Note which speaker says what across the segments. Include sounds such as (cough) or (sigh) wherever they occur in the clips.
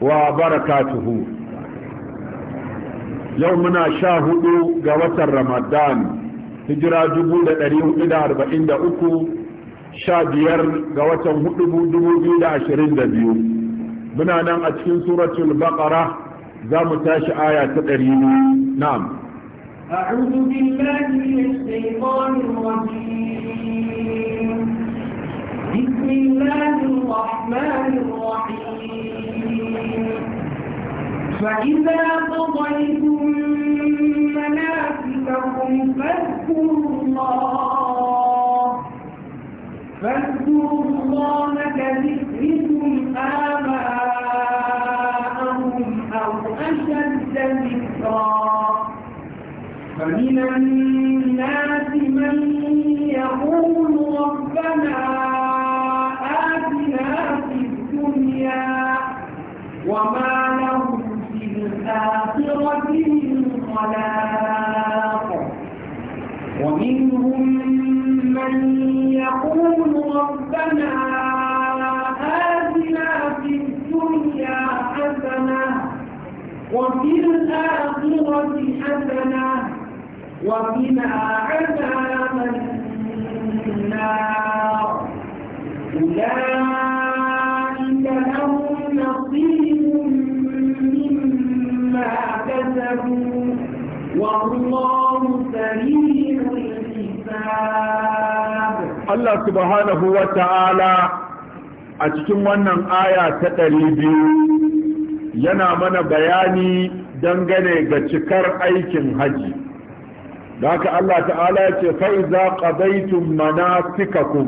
Speaker 1: wa barakatuhu yau muna sha hudu ga watan ramadan hijira dubu da ɗari hudu da arba'in da uku sha biyar ga watan hudu dubu biyu da ashirin da biyu muna nan a cikin suratul baqara za mu tashi aya ta ɗari na'am
Speaker 2: أعوذ بالله من الشيطان الرجيم بسم الله الرحمن الرحيم فإذا قضيتم مناسككم فاذكروا الله فاذكروا الله كذكركم آباءهم أو أشد فمن الناس من يقول ربنا في الدنيا وما الآخرة ومنهم من يقول ربنا في الدنيا وفي الآخرة حسنا عذاب النار أولئك لهم نصيب Allah كسبوا والله سريع الحساب
Speaker 1: a cikin wannan aya ta ɗari biyu yana mana bayani dangane ga cikar aikin haji da Allah ta'ala ce fai za ƙazaitun ku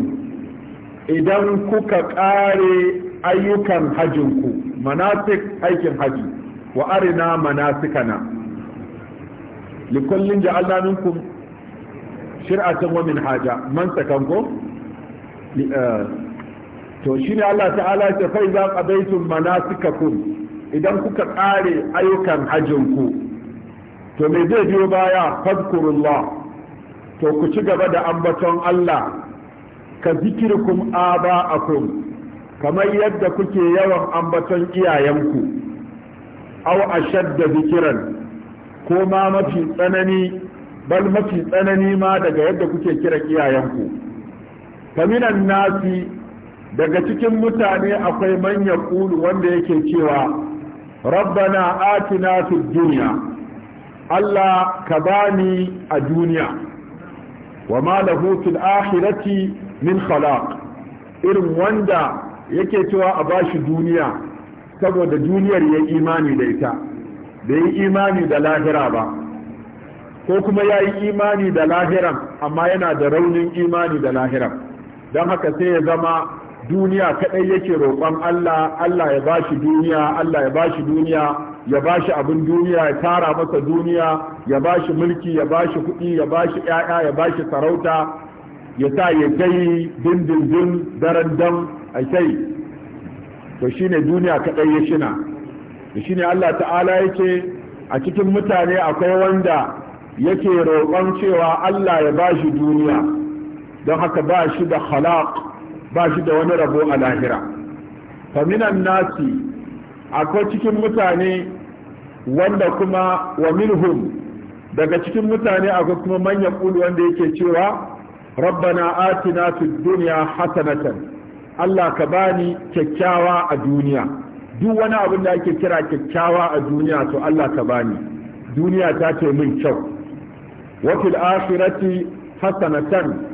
Speaker 1: idan kuka ƙare ayyukan hajinku manasik aikin haji wa arina manasikana likullin ja'alna minkum shir'atan wa minhaja man sakanko eh, to shine Allah ta'ala ya fa iza qadaytum manasikakum idan kuka kare ayyukan hajjin ku to me zai biyo baya fadkurullah to ku ci gaba da ambaton Allah ka zikirkum aba'akum kamar yadda kuke yawan ambaton iyayenku aw ashadda zikiran ko ma mafi tsanani bal mafi tsanani ma daga yadda kuke kira iyayenku faminan nasi daga cikin mutane akwai manya kulu wanda yake cewa rabbana atina fid dunya Allah ka bani a duniya wa ma lahu fil akhirati min khalaq irin wanda yake cewa a bashi duniya saboda duniyar ya imani da ita da yi imani da lahira ba ko kuma ya yi imani da lahiran amma yana da raunin imani da lahiran don haka sai ya zama duniya kaɗai yake roƙon Allah Allah ya ba shi duniya Allah ya ba shi duniya ya ba shi abin duniya ya tara masa duniya ya ba shi mulki ya ba shi kuɗi ya ba shi ƴaƴa ya ba shi sarauta ya sa ya kai dindindin daren dam a kai to shine duniya kaɗai ya shina da shine Allah ta'ala yake a cikin mutane akwai wanda yake roƙon cewa Allah ya ba shi duniya don haka ba shi da halaq ba shi da wani rabo a lahira faminan nasi akwai cikin mutane wanda kuma wa minhum daga cikin mutane akwai kuma manyan ƙulu wanda yake cewa rabbana atina fid dunya hasanatan Allah ka bani kyakkyawa a duniya duk wani abin da ake kira kyakkyawa a duniya to Allah ka bani duniya ta ce min kyau wa fil akhirati hasanatan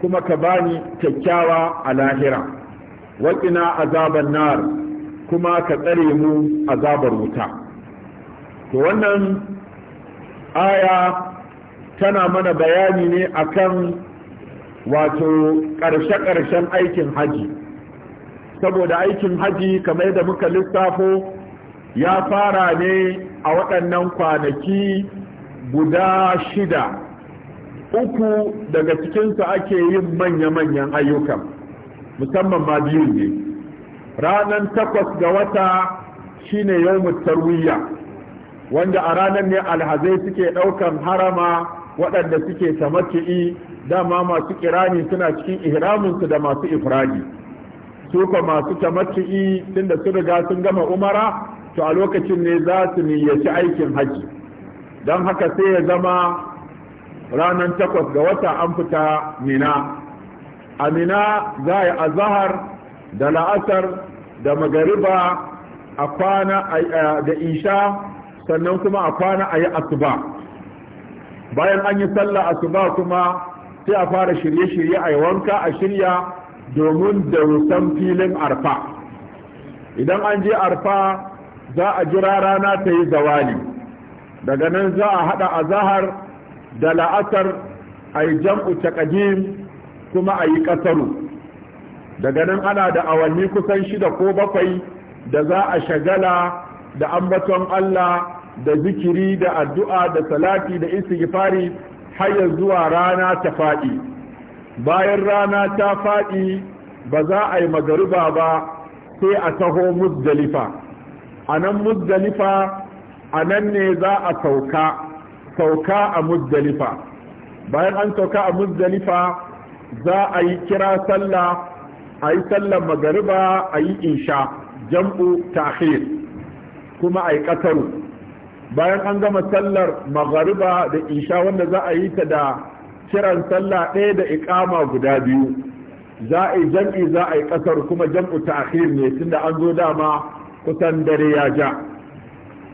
Speaker 1: kuma ka bani kyakkyawa a lahira wa qina azaban nar kuma ka tsare mu azabar wuta to wannan aya tana mana bayani ne akan wato ƙarshe-ƙarshen aikin hajji. saboda aikin haji kamar da muka lissafo ya fara ne a waɗannan kwanaki guda shida uku daga cikinsu ake yin manya-manyan ayyukan musamman ma biyu ne ranar takwas ga wata shine yau tarwiyya wanda a ranar ne alhazai suke ɗaukan harama waɗanda suke tamaki dama masu kirani suna cikin ihraminsu da masu ifradi. suka masu masu tamattu'i tunda su riga sun gama umara to a lokacin ne za su niyyaci aikin haji don haka sai ya zama ranar takwas ga wata an fita mina a mina za a yi azahar da la'asar da magariba a kwana da isha sannan kuma a kwana a yi asuba bayan an yi sallah asuba kuma sai a fara shirye-shirye a yi wanka a shirya domin dausan filin arfa idan an je arfa za a jira rana ta yi zawali daga nan za a hada azahar da la'asar a yi jam'u takadim kuma a yi kasaru daga nan ana da awanni kusan shida ko bakwai da za a shagala da ambaton Allah da zikiri da addu'a da salati da istighfari har zuwa rana ta faɗi bayan rana ta faɗi ba za a yi magariba ba sai a taho muzdalifa a nan muzdalifa a nan ne za a sauka sauka a muzdalifa bayan an sauka a muzdalifa za a yi kira sallah a yi sallar magariba a yi insha jam'u ta'khir kuma a yi ƙasaru bayan an gama sallar magariba da insha, wanda za a yi ta da kiran sallah ɗaya da iƙama guda biyu za a yi jam'i za a yi ƙasar kuma jam'u ta akhir ne da an zo dama kusan dare ya ja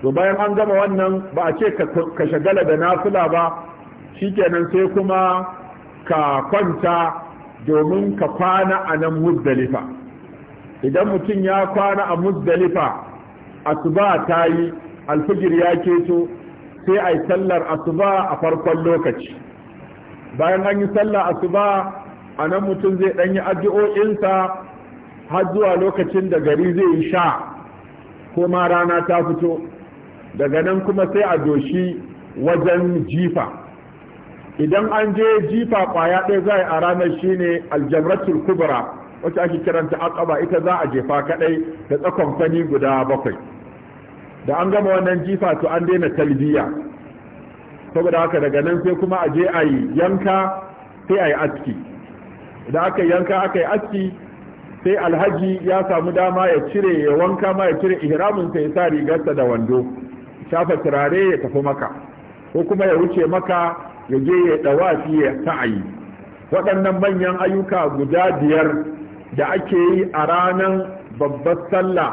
Speaker 1: to bayan an gama wannan ba a ce ka shagala da nafila ba shikenan sai kuma ka kwanta domin ka kwana a nan muzdalifa idan mutum ya kwana a muzdalifa asuba ta yi alfijir ya keto sai a yi sallar asuba a farkon lokaci bayan an yi sallah asuba a nan mutum zai ɗan yi addu'o'insa har zuwa lokacin da gari zai yi sha ko ma rana ta fito daga nan kuma sai a doshi wajen jifa idan an je jifa kwaya ɗaya za a ranar shine aljamratul kubra wacce ake kiranta akaba ita za a jefa kaɗai da tsakon fani guda bakwai da an gama wannan jifa to an daina talbiya saboda haka daga nan sai kuma a je a yi yanka sai a yi aski idan aka yanka aka yi aski sai alhaji ya samu dama ya cire ya wanka ma ya cire ihramin ya sa rigarsa da wando shafa turare ya tafi maka ko kuma ya wuce maka ya je ya dawafi ya sa'ayi waɗannan manyan ayyuka guda biyar da ake yi a ranar babbar sallah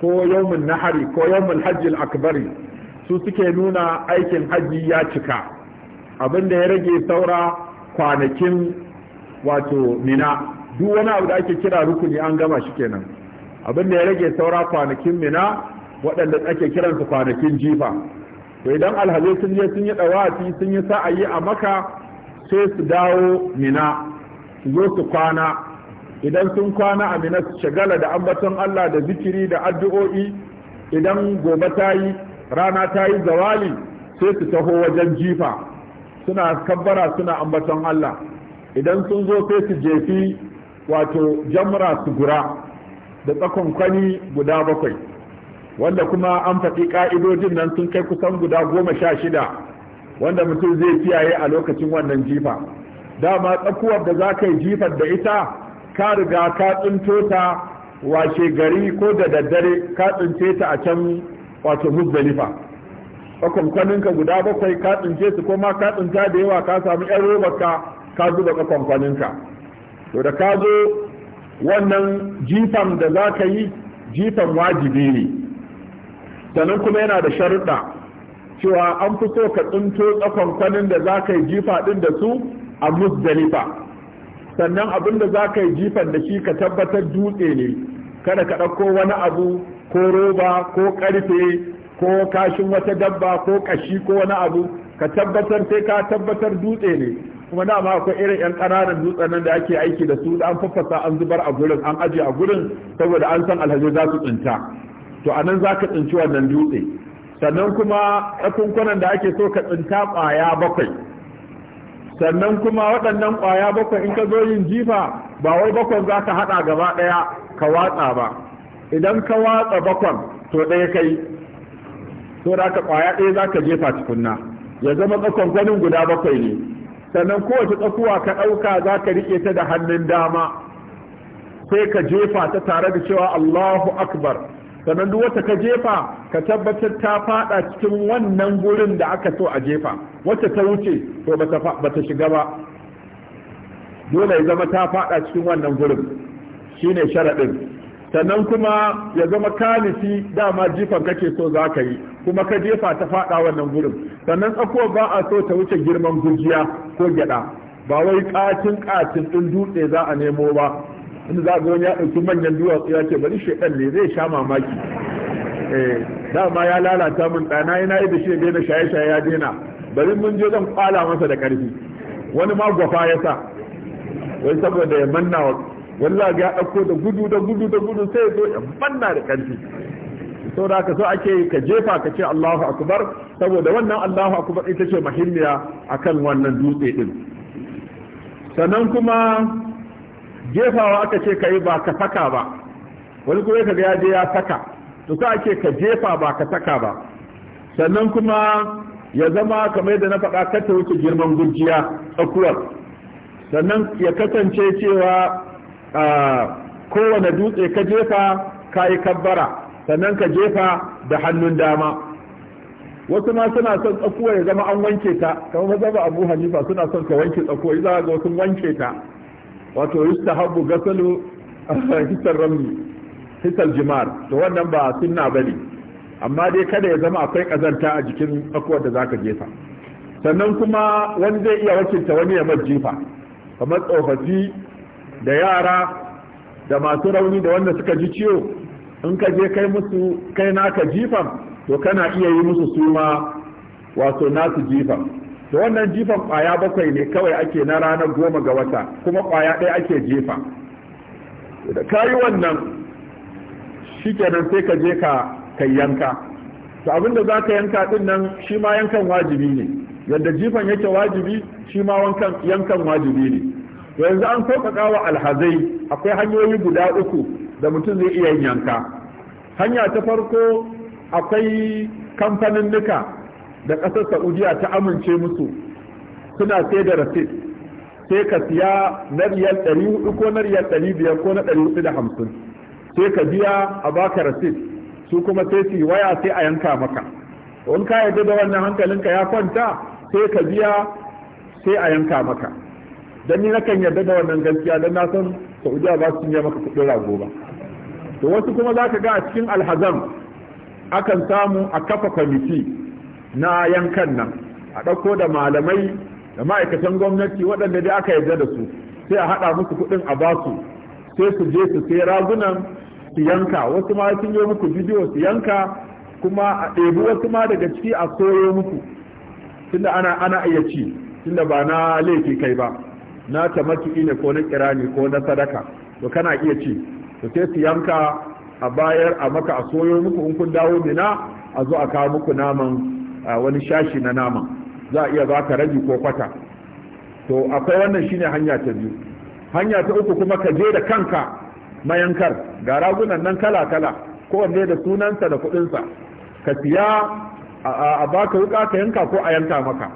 Speaker 1: ko yawmin nahari ko yawmin hajjil akbari su suke nuna aikin hajji ya cika abinda ya rage saura kwanakin wato mina duk wani abu da ake kira rukuni an gama shi kenan abinda ya rage saura kwanakin mina waɗanda ake kiransu kwanakin jifa to idan alhazai sun je sun yi ɗawafi sun yi sa'ayi a maka sai su dawo mina su zo su kwana idan sun kwana a mina su shagala da ambaton allah da zikiri da addu'o'i idan gobe ta yi rana ta yi zawali sai su taho wajen jifa suna kabbara suna ambaton Allah idan sun zo sai su jefi wato jamra su gura da tsakon kwani guda bakwai wanda kuma an faɗi ƙa'idodin nan sun kai kusan guda goma sha shida wanda mutum zai kiyaye a lokacin wannan jifa dama tsakuwar da za ka yi jifar da ita ka riga ka tsinto ta washe gari ko da daddare ka tsince ta a can wato muzdalifa ka guda bakwai ka tsince su ko ma ka tsinta da yawa ka samu yan robar ka ka zuba ka to da ka zo wannan jifan da za ka yi jifan wajibi ne sannan kuma yana da sharuɗa cewa an fi so ka tsinto kwankwanin da za ka yi jifa ɗin da su a musdalifa sannan abin da za ka yi jifan da shi ka tabbatar dutse ne kada ka ɗauko wani abu ko roba ko karfe ko kashin wata dabba ko kashi ko wani abu ka tabbatar sai ka tabbatar dutse ne kuma dama akwai irin yan kananan dutsen nan da ake aiki da su da an fafasa an zubar a gurin an aje a gurin saboda an san alhaji za su tsinta to a nan za ka tsinci wannan dutse sannan kuma tsakunkunan da ake so ka tsinta ƙwaya bakwai sannan kuma waɗannan ƙwaya bakwai in ka zo yin jifa ba wai bakwai za ka haɗa gaba ɗaya ka watsa ba idan ka watsa bakon to ɗaya kai to da ka ƙwaya ɗaya za ka jefa tukunna ya zama tsakon gwanin guda bakwai ne sannan kowace tsakuwa ka ɗauka za ka riƙe ta da hannun dama sai ka jefa ta tare da cewa Allahu Akbar sannan duk wata ka jefa ka tabbatar ta faɗa cikin wannan gurin da aka so a jefa wata ta wuce to ba ta shiga ba dole ya zama ta faɗa cikin wannan gurin shine sharaɗin sannan kuma ya zama kalifi dama jifan kake so za ka yi kuma ka jefa ta faɗa wannan gurin sannan tsakowar ba a so ta wuce girman gujiya ko gyaɗa ba wai ƙatin ƙatin ɗin dutse za a nemo ba in za ga wani ya ɗauki manyan duwatsu ya ce bari shaidan ne zai sha mamaki eh, dama ya lalata min ɗana yana yi da shi daina shaye-shaye ya daina bari mun je zan kwala masa da ƙarfi wani ma gwafa ya sa wai saboda ya manna wa wallahi ya ɗauko da gudu da gudu da gudu sai ya zo banna da ƙarfi sau da ka so ake ka jefa ka ce Allahu akbar saboda wannan Allahu akbar ita ce muhimmiya akan wannan dutse din sannan kuma jefawa aka ce kai ba ka saka ba wani kuma kaga ya je ya saka to sai ake ka jefa ba ka saka ba sannan kuma ya zama kamar da na faɗa kata wuce girman gurjiya tsakuwar sannan ya kasance cewa kowane dutse ka jefa ka yi kabbara sannan ka jefa da hannun dama wasu ma suna son tsakuwa ya zama an wanke ta kamar mazaba abu hanifa suna son ka wanke tsakuwa za ga wasu wanke ta wato yustahabbu gasalu (laughs) hisar ramli hisar jimar to wannan ba sunna bane amma dai kada ya zama akwai kazanta a jikin tsakuwar da zaka jefa sannan kuma wani zai iya wakilta wani ya majjifa kamar tsofaffi da yara da masu rauni da wanda suka ji ciwo in ka je kai musu kai naka jifan to kana iya yi musu suma wato nasu jifan to wannan jifan kwaya bakwai ne kawai ake na ranar goma ga wata kuma kwaya ɗaya ake jifa da ka yi wannan shi kenan sai ka je ka kai yanka to abinda za ka yanka din nan shi ma yankan wajibi ne yadda jifan yake wajibi shi ma yankan wajibi ne yanzu an sauƙaƙa wa alhazai akwai hanyoyi guda uku da mutum zai iya yin yanka hanya ta farko akwai kamfanin nika da ƙasar saudiya ta amince musu suna sai da rasit sai ka siya na riyal 400 ko na riyal 500 ko na 450 sai ka biya a baka rasit su kuma sai su waya sai a yanka maka in ka yarda da wannan hankalinka ya kwanta sai ka biya sai a yanka maka dan ni nakan yarda da wannan gaskiya dan na san Saudiya ba su cinye maka kudin rago ba to wasu kuma zaka ga a cikin alhazam akan samu a kafa kwamiti na yankan nan a ɗauko da malamai da ma'aikatan gwamnati waɗanda dai aka yarda da su sai a haɗa musu kuɗin a basu sai su je su sai ragunan su yanka wasu ma sun yi muku bidiyo su yanka kuma a ɗebi wasu ma daga ciki a soyo muku tunda ana ana iya ci tunda ba na laifi kai ba na tamaki ne ko na kirani ko na sadaka to kana iya ci to sai su yanka a bayar a maka a soyo muku in kun dawo mina a zo a kawo muku naman wani shashi na naman za iya za ka rabi ko kwata to akwai wannan shine hanya ta biyu hanya ta uku kuma ka je da kanka mayankar ga ragunan nan kala kala kowanne da sunansa da sa ka siya a baka wuka ka yanka ko a yanka maka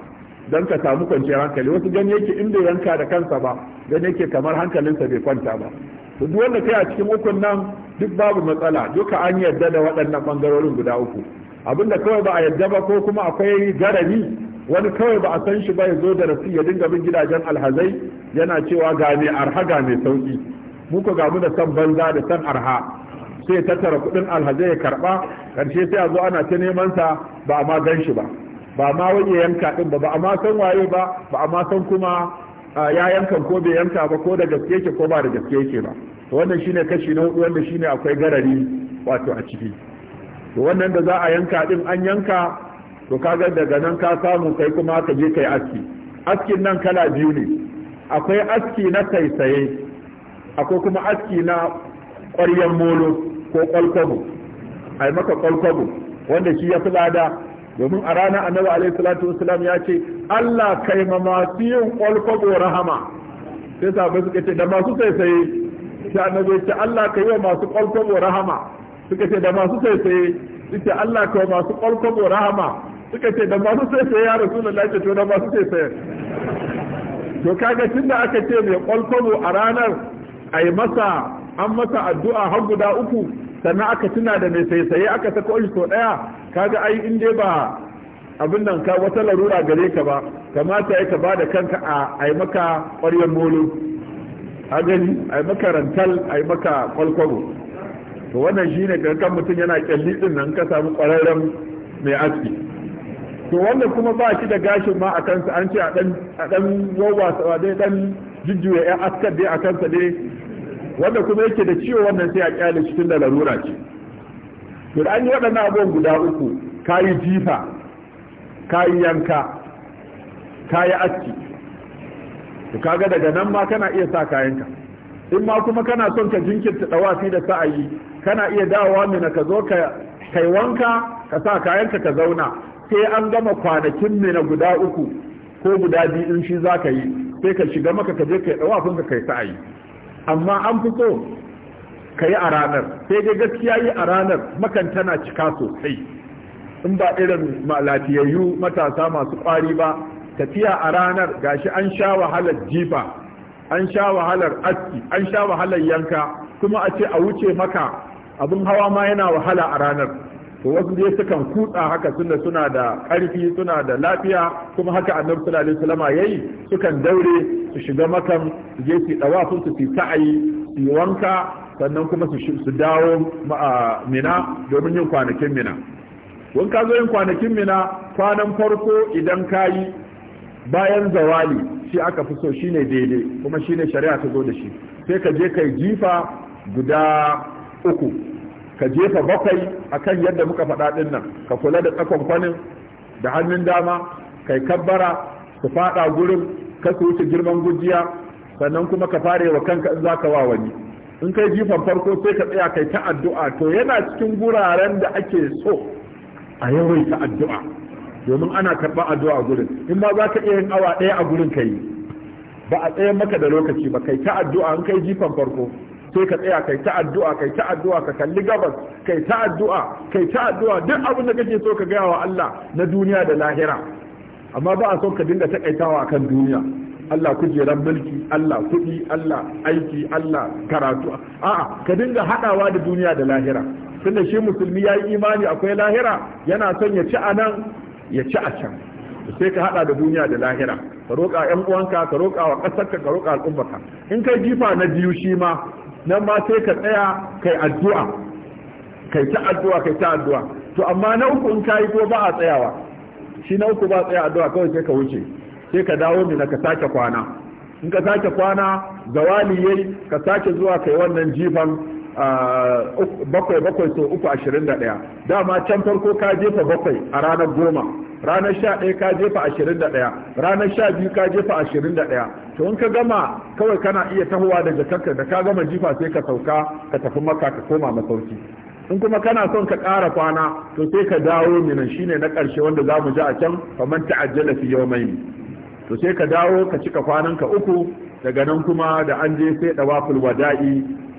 Speaker 1: don ka samu kwanciyar hankali wasu gani yake inda yanka da kansa ba gani yake kamar hankalinsa bai kwanta ba to duk wanda kai a cikin ukun nan duk babu matsala duka an yarda da waɗannan ɓangarorin guda uku abinda kawai ba a yarda ba ko kuma akwai garami wani kawai ba a san shi ba ya zo da rasu ya dinga bin gidajen alhazai yana cewa ga mai arha ga mai sauki mu ko gamu da san banza da san arha sai tattara kuɗin alhazai ya karɓa ƙarshe sai a zo ana ta neman sa ba a ma gan shi ba ba ma wani ya yanka din ba ba a ma san waye ba ba a ma san kuma ya yankan ko bai yanka ba ko da gaske ke ko ba da gaske ke ba wannan shine kashi na hudu wanda shine akwai garari wato a ciki to wannan da za a yanka din an yanka to kaga daga nan ka samu kai kuma ka je kai aski askin nan kala biyu ne akwai aski na saisaye akwai kuma aski na ƙwaryen molo ko kwalkwabo ai maka kwalkwabo wanda shi ya fi lada domin a rana annabi alaihi salatu wasalam ya ce Allah kai ma masu yin kwalkwabo rahama sai sabai suka ce da masu sai sai annabi ya ce Allah kai ma masu kwalkwabo rahama suka ce da masu sai-sai, ita Allah kai wa masu kwalkwabo rahama suka ce da masu sai-sai ya rasulullahi ce to da masu sai-sai.
Speaker 3: sai
Speaker 1: to kaga tunda aka ce mai kwalkwabo a ranar ai masa an masa addu'a har guda uku sannan aka tuna da mai sai-sai, aka sako shi to daya kaga ai in dai ba abin nan ka wata larura gare ka ba kamata ya ka bada kanka a ai maka ƙwaryar molo a gani ai maka rantal ai maka to wannan shine kankan mutum yana kyalli din nan ka samu ƙwararren mai aski to wanda kuma ba shi da gashin ma a kansa an ce a dan a dan dai dan jujjuya ya askar dai a kansa dai wanda kuma yake da ciwo wannan sai a kyale shi tun da larura ce to da an yi waɗannan abubuwan guda uku ka yi jifa ka yi yanka ka yi aski to kaga daga nan ma kana iya sa kayanka in ma kuma kana son ka jinkirta dawafi da sa'ayi kana iya dawowa na ka zo kai wanka ka sa kayanka ka zauna sai an gama kwanakin na guda uku ko guda biyu in shi za ka yi sai ka shiga maka ka je ka yi dawafin ka kai sa'ayi amma an fi so ka yi a ranar sai dai gaskiya yi a ranar makan tana cika sosai in ba irin lafiyayyu matasa masu ƙwari ba tafiya a ranar gashi an sha wahalar jifa an sha wahalar aski an sha wahalar yanka kuma a ce a wuce maka abin hawa ma yana wahala a ranar to wasu dai sukan kutsa haka suna suna da ƙarfi suna da lafiya kuma haka annabi sallallahu alaihi wasallam yayi sukan daure su shiga makan su je su dawafin su su ta'ayi su wanka sannan kuma su dawo mina domin yin kwanakin mina wani ka zo yin kwanakin mina kwanan farko idan ka yi bayan zawali shi aka fi so shine daidai kuma shine shari'a ta zo da shi sai ka je kai jifa guda uku ka jefa bakwai akan yadda muka faɗa ɗin nan ka kula da tsakon kwanin da hannun dama kai kabbara su faɗa gurin ka su wuce girman gujiya sannan kuma ka fare wa kanka in za ka wa wani in kai jifan farko sai ka tsaya kai ta addu'a to yana cikin guraren da ake so a yawai ta addu'a domin ana karɓa addu'a gurin in ba za ka iya yin awa ɗaya a gurin ka ba a tsaye maka da lokaci ba kai ta addu'a in kai jifan farko sai ka tsaya kai ta addu'a kai ta addu'a ka kalli gabas kai ta addu'a kai ta addu'a duk abin da kake so ka gaya wa Allah na duniya da lahira amma ba a so ka dinga takaitawa kan duniya Allah kujerar mulki Allah kuɗi Allah aiki Allah karatu a'a ka dinga haɗawa da duniya da lahira tunda shi musulmi ya yi imani akwai lahira yana son ya ci a ya ci a can sai ka haɗa da duniya da lahira ka roƙa 'yan uwanka ka roƙa wa ƙasarka ka roƙa al'ummarka in kai jifa na biyu shi ma nan ma sai ka tsaya kai addu'a kai ta addu'a kai ta addu'a to amma na uku in kai ko ba a tsayawa shi na uku ba a tsaya addu'a kawai sai ka wuce sai ka dawo mina ka sake kwana in ka sake kwana zawali yayi ka sake zuwa kai wannan jifan bakwai bakwai so uku ashirin da ɗaya dama can farko ka jefa bakwai a ranar goma ranar sha ɗaya ka jefa ashirin da ɗaya ranar sha biyu ka jefa ashirin da ɗaya to in ka gama kawai kana iya tahowa daga kanka da ka gama jifa sai ka sauka ka tafi maka ka koma masauki in kuma kana son ka ƙara kwana to sai ka dawo minan shine na ƙarshe wanda za mu ji a can faman ta'ajjala fi yawmayn to sai ka dawo ka cika kwananka uku daga nan kuma da an je sai dawaful wada'i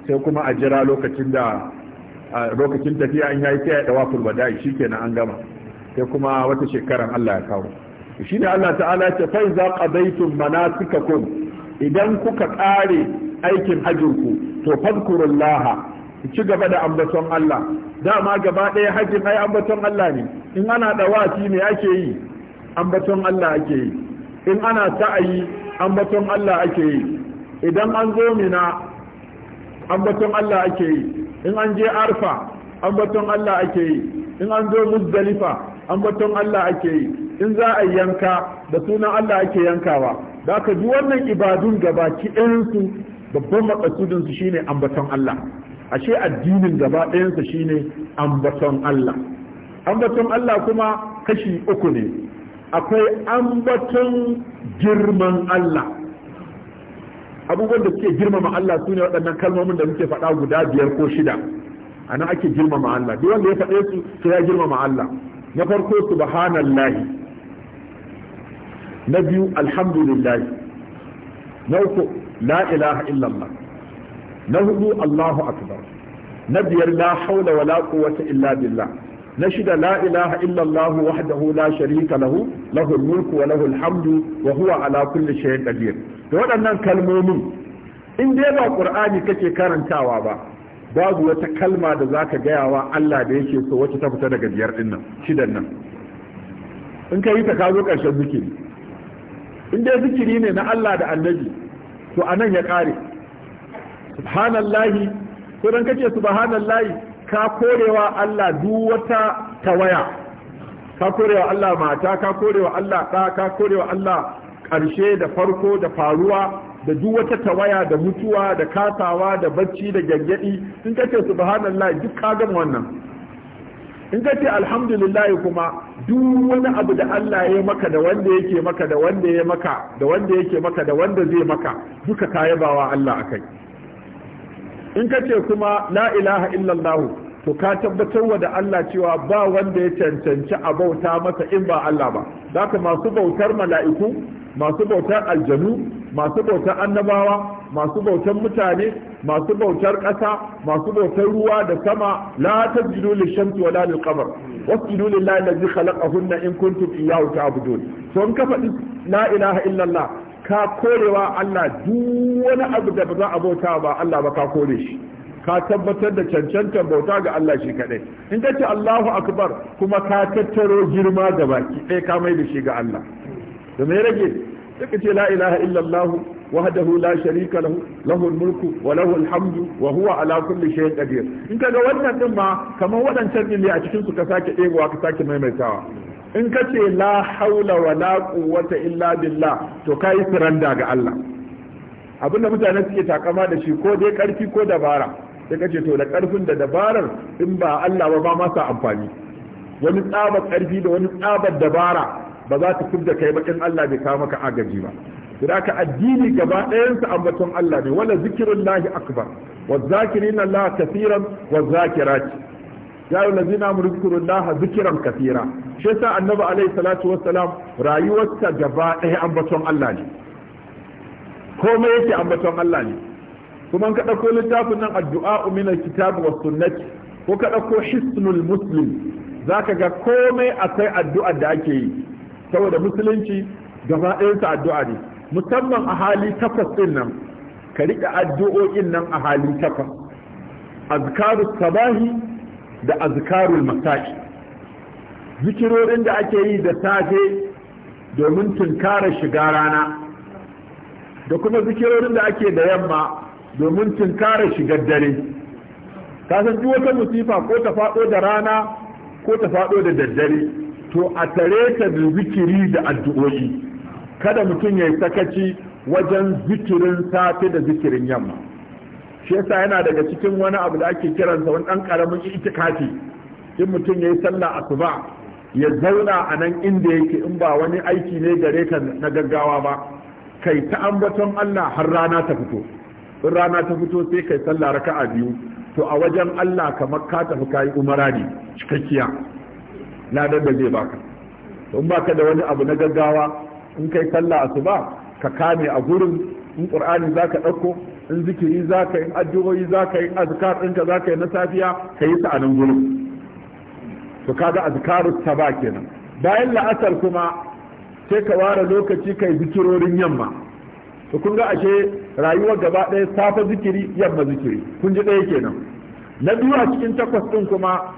Speaker 1: sai kuma a jira lokacin da lokacin tafiya in yayi sai ya dawaful wada'i shikenan an gama sai kuma wata shekaran Allah ya kawo shine Allah ta'ala ce fa iza qadaytum manasikakum idan kuka kare aikin hajjinku to fadkurullaha ci gaba da ambaton Allah dama gaba ɗaya hajjin ai ambaton Allah ne in ana dawaci ne ake yi ambaton Allah ake yi in ana sa'ayi ambaton Allah ake yi idan an zo mina ambaton Allah ake yi in an je arfa ambaton Allah ake yi in an zo muzdalifa ambaton Allah ake yi in za a yanka da sunan Allah ake yankawa da aka ji wannan ibadun gabaki ɗayansu babban maƙasudinsu shine ambaton Allah ashe addinin gaba ɗayansa shine ambaton Allah ambaton Allah kuma kashi uku ne akwai ambaton girman Allah abubuwan da suke girmama Allah su ne waɗannan kalmomin da muke faɗa guda biyar ko shida a nan ake girmama Allah duk wanda ya faɗe su sai ya girmama Allah na farko subhanallahi na biyu alhamdulillahi, na uku la ilaha illallah na hudu Allahu akbar na biyar la haula wala quwwata illa billah na shida la ilaha illallah wahda la sharika lahu lahul mulku wa lahul hamdu wa huwa ala kulli shay'in qadir to waɗannan kalmomin in dai ba qur'ani kake karantawa ba babu wata kalma da zaka gaya wa Allah da yake so wacce ta fita daga biyar dinnan shidan nan in kai ta kazo karshen zikiri in dai zikiri ne na Allah da annabi to anan ya kare subhanallahi ko dan kace subhanallahi ka korewa Allah duk wata tawaya ka korewa Allah mata ka korewa Allah ɗa ka korewa Allah ƙarshe da farko da faruwa da duk wata tawaya da mutuwa da kasawa da bacci da gaggadi in ka ce subhanallah duk ka gama wannan in ka ce alhamdulillah kuma duk wani abu da Allah ya maka da wanda yake maka da wanda ya maka da wanda yake maka da wanda zai maka duka ka yabawa Allah akai in ka ce kuma la ilaha illallah to ka tabbatar wa da Allah cewa ba wanda ya cancanci a bauta masa in ba Allah ba zaka masu bautar mala'iku masu bautar aljanu masu bautar annabawa masu bautar mutane masu bautar ƙasa masu bautar ruwa da sama la tajidu lishamsi wala qamar wasjudu lillahi alladhi khalaqahunna in kuntum iyyahu ta'budun to in ka faɗi la ilaha illallah ka korewa Allah duk wani abu da ba za a bauta ba Allah ba ka kore shi ka tabbatar da cancantar bauta ga Allah shi kaɗai in ka ce Allahu akbar kuma ka tattaro girma da baki ɗaya ka mai da shi ga Allah da me rage suka ce la ilaha illallah wahdahu la sharika lahu lahu mulku wa lahul hamdu wa huwa ala kulli shay'in qadir in kaga wannan din ma kamar wadancan din ne a cikin su ka sake ɗebowa ka sake maimaitawa in ka ce la haula wa la quwwata illa billah to kai siranda ga Allah abin da mutane suke takama da shi ko dai karfi ko dabara sai ce to da karfin da dabarar in ba Allah ba ba masa amfani wani tsabar karfi da wani tsabar dabara ba za ta fidda kai ba in Allah bai kawo maka agaji ba ka addini gaba ɗayansa ambaton Allah ne wala zikirullahi akbar wa zakirina la kaseeran wa zakirati ya yi lazina mu rizkurullaha zikiran kafira shi yasa annabi alaihi salatu salam rayuwarsa gaba ɗaya ambaton Allah ne komai yake ambaton Allah ne kuma ka ɗauko littafin nan addu'a umina kitabu wa sunnati ko ka ɗauko hisnul muslim zaka ga komai akwai addu'a da ake yi saboda musulunci gaba ɗayansa addu'a ne musamman a hali takwas ɗinnan, nan ka riƙa addu'o'in nan a hali takwas azkaru sabahi da azkarul masaki zikirorin da ake yi da safe domin tunkara shiga rana da kuma zikirorin da ake da yamma domin tunkara shiga dare kasan duk wata musifa ko ta faɗo da rana ko ta faɗo da daddare to a tare ta da zikiri da addu'o'i kada mutum ya yi sakaci wajen zikirin safe da zikirin yamma shi yasa yana daga cikin wani abu da ake kiransa wani ɗan ƙaramin itikafi in mutum ya yi sallah asuba ya zauna a nan inda yake in ba wani aiki ne gare ka na gaggawa ba kai ta ambaton Allah har rana ta fito in rana ta fito sai kai sallah raka'a biyu to a wajen Allah kamar ka tafi kayi umara ne cikakkiya ladan da zai baka in baka da wani abu na gaggawa in kai sallah asuba ka kame a gurin in qur'ani zaka dauko in zikiri za ka yi addu'o'i za ka yi azkar ɗinka za ka yi na safiya ka yi sa a nan gurin to ta azkaru ke kenan bayan la'asar kuma sai ka ware lokaci kai zikirorin yamma to kun ga ashe rayuwar gaba ɗaya safa zikiri yamma zikiri kun ji ɗaya kenan na biyu a cikin takwas ɗin kuma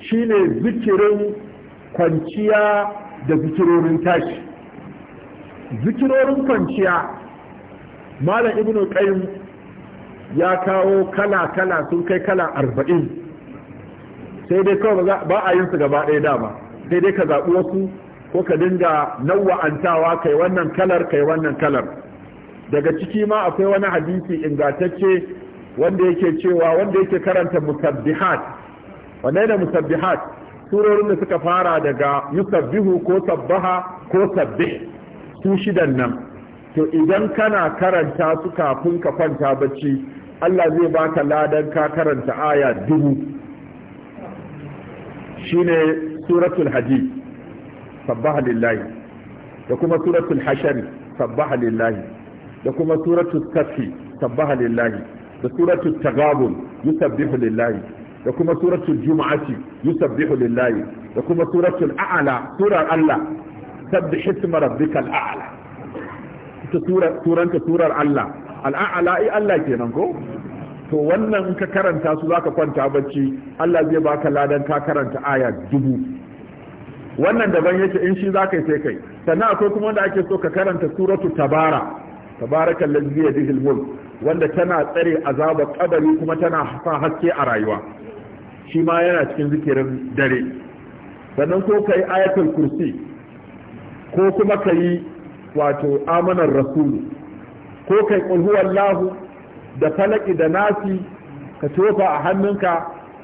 Speaker 1: shine zikirin kwanciya da zikirorin tashi zikirorin kwanciya malam ibnu qayyim ya kawo kala-kala sun kai kala arba'in sai dai kawai ba a yin su gaba ɗaya dama sai dai ka zaɓi wasu ko ka dinga nawa'antawa kai wannan kalar kai wannan kalar daga ciki ma akwai wani hadisi ingantacce wanda yake cewa wanda yake karanta musabbihat wannan da musabbihat surorin da suka fara daga yusabbihu ko sabbaha ko sabbih su shidan nan to idan kana karanta su kafin ka kwanta bacci Allah zai baka ladan ka karanta aya dubu shine suratul hadid sabbaha lillahi da kuma suratul hashari sabbaha lillahi da kuma suratul kafi sabbaha lillahi da suratul tagabun yusabbihu lillahi da kuma suratul jumu'ati yusabbihu lillahi da kuma suratul a'la surar Allah sabbih isma rabbikal a'la ita surar turanta surar Allah al'a'ala ai Allah kenan ko to wannan ka karanta su ka kwanta bacci Allah zai baka ladan ka karanta aya dubu wannan daban yake in shi za ka yi sai kai sannan akwai kuma wanda ake so ka karanta suratu tabara tabarakan ladzi yadihil mulk wanda tana tsare azabar kabari kuma tana sa haske a rayuwa shi ma yana cikin zikirin dare sannan ko ka yi ayatul kursi ko kuma ka yi wato amanar rasulu ko kai lahu da falaki da nasi ka tofa a hannunka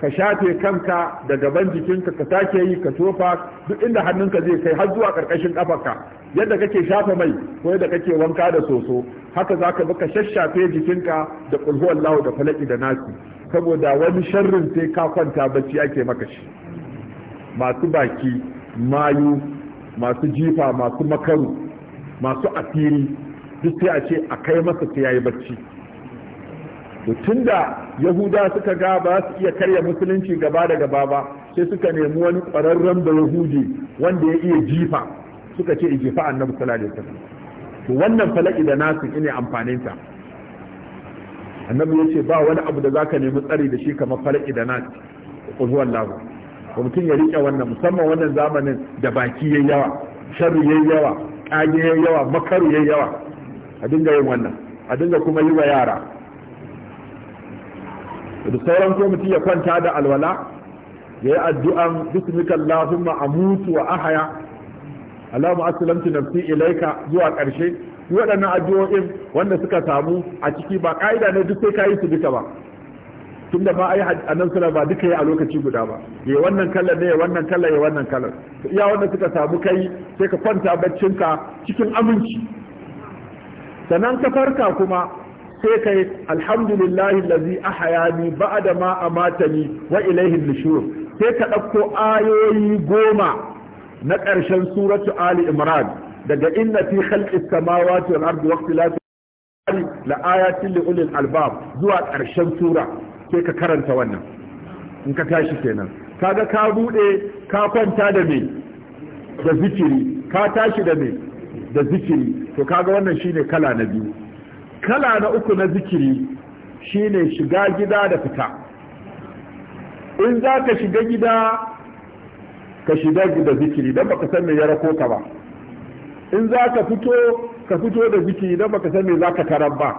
Speaker 1: ka shafe kanka da gaban jikinka ka sake yi ka tofa duk inda hannunka zai kai har zuwa ƙarƙashin ƙafarka yadda kake shafa mai ko yadda kake wanka da soso haka za ka baka shashafe jikinka da lahu da falaki da nasi saboda wani sharrin sai ka kwanta bacci ake maka shi masu baki mayu masu jifa masu makaru masu asiri duk sai a ce a kai masa sai yayi bacci to tunda yahuda suka ga ba su iya karya musulunci gaba da gaba ba sai suka nemi wani ƙwararren da yahudi wanda ya iya jifa suka ce jifa annabi sallallahu alaihi wasallam to wannan falaki da nasu ine amfanin ta annabi ya ce ba wani abu da zaka nemi tsari da shi kamar falaki da nasu zuwa lahu ko mutum ya rike wannan musamman wannan zamanin da baki yayi yawa sharri yayi yawa kage yayi yawa makaru yayi yawa a dinga yin wannan a dinga kuma yi wa yara da sauran ko mutum ya kwanta da alwala ya yi addu'an bismikallahumma Allahumma amutu wa ahaya Allahumma aslamtu nafsi ilaika zuwa ƙarshe waɗannan addu'o'in wanda suka samu a ciki ba ƙa'ida ne duk sai ka yi su duka ba tun da ba a yi annan sura ba duka yi a lokaci guda ba ya wannan kallar ne ya wannan kallar ya wannan kalar iya wanda suka samu kai sai ka kwanta baccinka cikin aminci sannan ka farka kuma sai ka yi alhamdulillahi lazi ahayani ba'da ma amatani wa wa'ilaihin nushur sai ka ɗauko ayoyi goma na ƙarshen suratu ali imran daga inna fi khalqis samawati wal ardi waqtilafi la ayatin li ulil albab zuwa ƙarshen sura sai ka karanta wannan in ka tashi kenan kaga ka bude ka kwanta da me da zikiri ka tashi da me da zikiri to kaga wannan shine kala na biyu kala na uku na zikiri shine shiga gida da fita in za ka shiga gida ka shiga da zikiri don baka san me ya rako ka ba in za ka fito ka fito da zikiri don baka san me za ka karar ba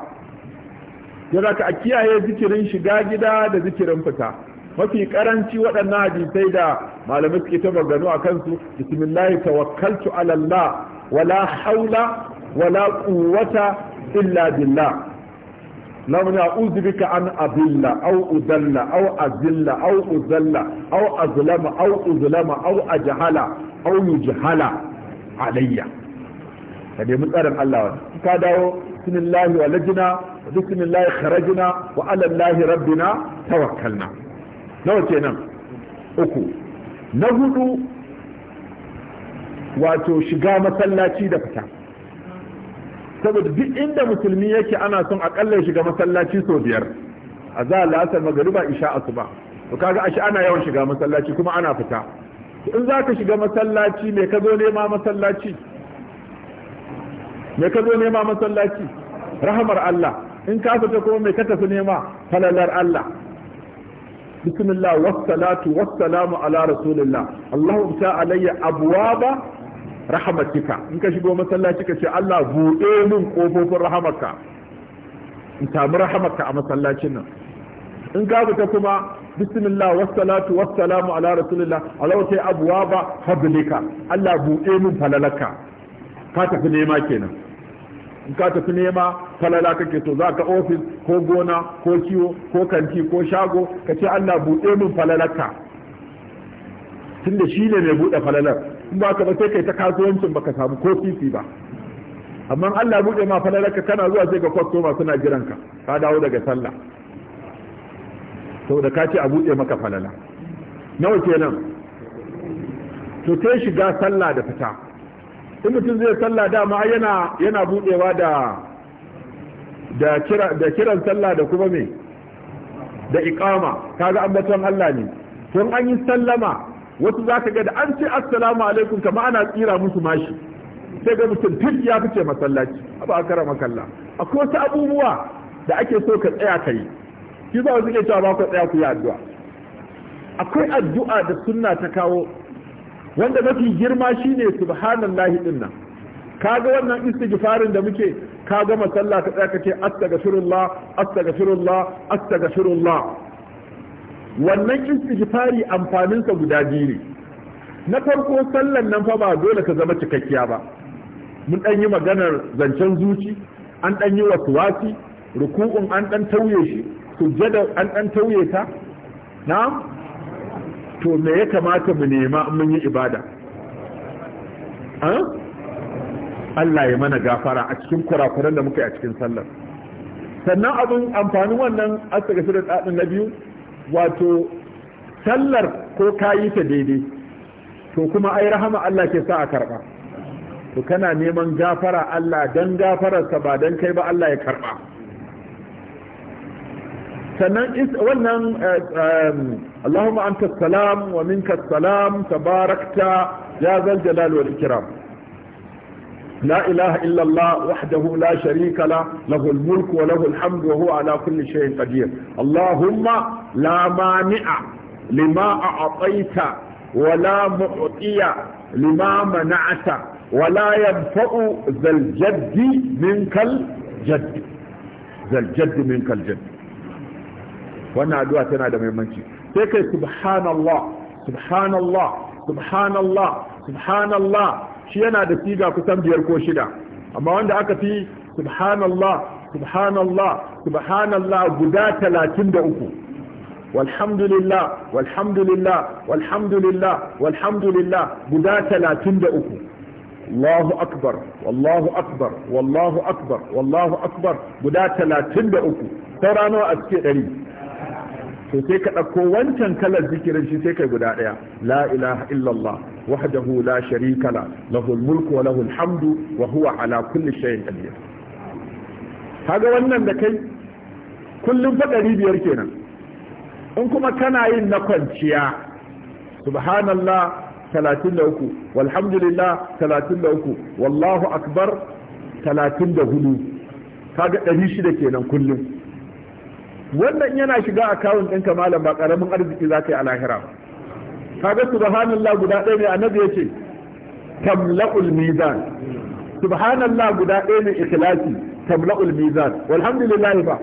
Speaker 1: yana ka a kiyaye zikirin shiga gida da zikirin fita mafi karanci waɗannan hadisai da malamai suke ta maganu a kansu bismillahi tawakkaltu ala Allah ولا حول ولا قوة إلا بالله لو أعوذ بك أن أضل أو أذل أو أذل أو أذل أو أظلم أو أظلم أو أجهل أو يجهل علي هذه يعني مسألة الله كادوا بسم الله ولجنا بسم الله خرجنا وعلى الله ربنا توكلنا نوتي نم أكو نهدو wato shiga masallaci da fita saboda duk inda musulmi yake ana son akalla ya shiga masallaci sau biyar a za la'asar magariba isha asuba to kaga ashe ana yawan shiga masallaci kuma ana fita in za ka shiga masallaci me ka zo nema masallaci me ka zo nema masallaci rahamar Allah in ka fita kuma me ka tafi nema falalar Allah bismillah wassalatu wassalamu ala rasulillah Allahu ta alayya abwaba rahamatika in ka shigo masallaci ka ce Allah buɗe min kofofin rahamaka in samu rahamaka a masallacin nan in ka fita kuma bismillah wassalatu wassalamu ala rasulillah Allah abuwa abwaba fadlika Allah buɗe min falalaka ka tafi nema kenan in ka tafi nema falala kake so za ka ofis ko gona ko kiwo ko kanti ko shago ka ce Allah buɗe min falalaka tunda shi ne mai buɗe falalar in ba ka ba sai kai ta kasuwancin baka samu ko fifi ba amma Allah buɗe ma falalaka kana zuwa sai ga kwastoma suna jiran ka ka dawo daga sallah saboda ka ce a buɗe maka falala nawa kenan to sai shiga sallah da fita in mutum zai sallah dama yana yana buɗewa da da kira da kiran sallah da kuma me da iqama kaga ambaton Allah ne tun an yi sallama wasu za ka ga da an ce assalamu alaikum kama ana tsira musu mashi sai ga mutum tun ya fice masallaci abu a kara makalla akwai wasu abubuwa da ake so ka tsaya ka yi shi ba wasu ke cewa ba ku tsaya ku yi addu'a akwai addu'a da sunna ta kawo wanda mafi girma shine subhanallahi din nan kaga wannan istighfarin da muke ka gama ka tsaya ka ce astaghfirullah astaghfirullah astaghfirullah wannan istighfari amfaninsa guda biyu ne na farko sallan nan fa ba dole ka zama cikakkiya ba mun dan yi maganar zancen zuci an dan yi waswasi ruku'un an dan tauye shi sujjada an dan tauye ta na'am to me ya kamata mu nema mun yi ibada Allah ya mana gafara a cikin kurakuran da muka yi a cikin sallar sannan abin amfanin wannan ɗaɗin na biyu wato sallar ko kayi ta daidai to kuma ai rahama Allah ke sa a karba to kana neman gafara Allah dan gafararsa ba dan kai ba Allah ya karba sannan wannan eh, eh, Allahumma anta salam wa minka salam tabarakta ya zal jalal wal ikram لا إله إلا الله وحده لا شريك له له الملك وله الحمد وهو على كل شيء قدير اللهم لا مانع لما أعطيت ولا معطي لما منعت ولا ينفع ذا الجد منك الجد ذا الجد منك الجد وانا ادعو تنا da muhimmanci sai kai subhanallah subhanallah subhanallah subhanallah shi yana da siga kusan biyar ko shida amma wanda aka fi subhanallah subhanallah subhanallah guda talatin da uku walhamdulillah walhamdulillah walhamdulillah walhamdulillah guda talatin da uku Allahu akbar wallahu akbar wallahu akbar wallahu akbar guda talatin da uku saura ranar a ɗari Sai sai ka ɗauko wancan kalar zikirin shi sai kai guda ɗaya la ilaha illallah wahdahu la sharika la lahul mulku wa lahul hamdu wa huwa ala kulli shay'in qadir kaga wannan da kai kullum fa ɗari biyar kenan in kuma kana yin na kwanciya subhanallah 33 walhamdulillah 33 wallahu akbar 34 kaga 600 kenan kullum wannan yana shiga akawun ɗinka malam ba ƙaramin arziki za ka yi a lahira kaga subhanallah guda ɗaya ne annabi yace tamla'ul mizan subhanallah guda ɗaya ne ikhlasi tamla'ul mizan walhamdulillah ba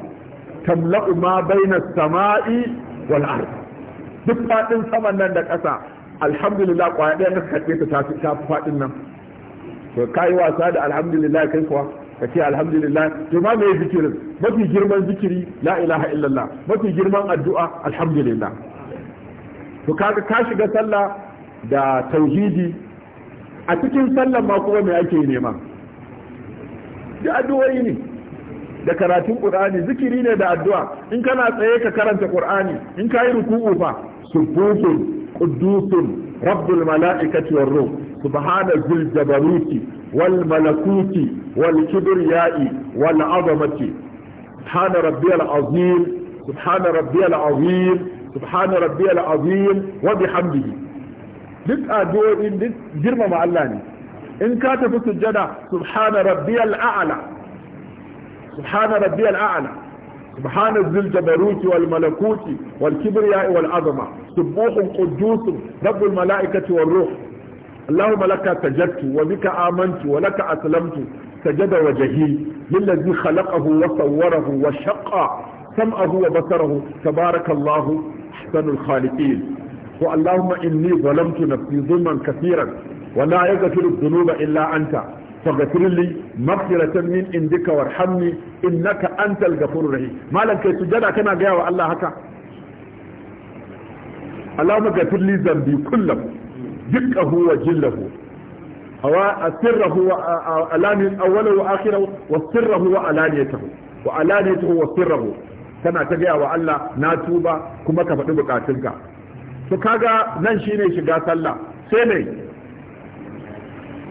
Speaker 1: tamla'u ma baina sama'i wal ard duk fadin saman nan da ƙasa alhamdulillah kwaya ɗaya ka karɓe ta ta fi fadin nan to kai wasa da alhamdulillah kai kuwa ka ce alhamdulillah to ma me zikirin mafi girman zikiri la ilaha illallah mafi girman addu'a alhamdulillah to kaga ka shiga sallah da tauhidi a cikin sallah ma kuma me ake nema da addu'o'i ne da karatun qur'ani zikiri ne da addu'a in kana tsaye ka karanta qur'ani in kai ruku'u fa subhukun quddusun rabbul mala'ikati war ruh subhana zul jabaruti والملكوت والكبرياء والعظمة سبحان ربي العظيم سبحان ربي العظيم سبحان ربي العظيم وبحمده دك اجوين دك جرم مع الله ان كاتب السجدة سبحان ربي الأعلى سبحان ربي الأعلى سبحان ذي الجبروت والملكوت والكبرياء والعظمة سبوح قدوس رب الملائكة والروح Allahumma laka tajattu wa bika amantu wa laka aslamtu sajada wajhi lillazi khalaqahu wa sawwarahu wa shaqqa sam'ahu wa basarahu tabarakallahu ahsanul khaliqin wa Allahumma inni zalamtu nafsi zulman katiran wa la yaghfiru dhunuba illa anta فاغفر لي مغفرة من عندك وارحمني إنك أنت الغفور الرحيم ما لك سجدا كما جاء الله هكا اللهم اغفر لي ذنبي كله دقه وجله أو سره وألان أوله وآخره وسره وألانيته وألانيته وسره tana ta gaya wa Allah na tuba kuma ka faɗi bukatunka to kaga nan shine shiga sallah sai ne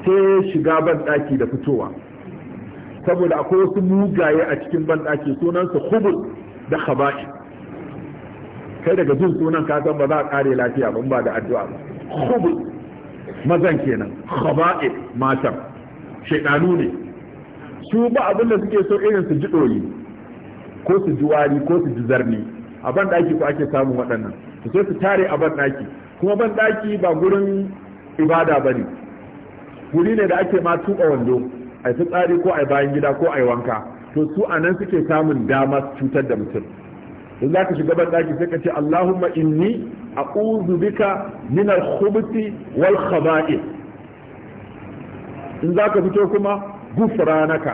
Speaker 1: ke shiga ban da fitowa saboda akwai wasu mugaye a cikin ban daki sunan su khubul da khaba'i kai daga jin sunan ka san ba za a kare lafiya ba ba da addu'a ba khubu mazan kenan khaba'i matan shaydanu ne su ba abin da suke so irin su ji doyi ko su ji wari ko su ji zarni a ban daki ko ake samun waɗannan su sai su tare a ban daki kuma ban daki ba gurin ibada bane guri ne da ake ma tuka wando ai tsari ko ai bayan gida ko ai wanka to su anan suke samun dama cutar da mutum in za ka shiga ban daki sai ka ce Allahumma inni a'udhu bika min al-khubuthi wal khaba'i in za ka fito kuma gufranaka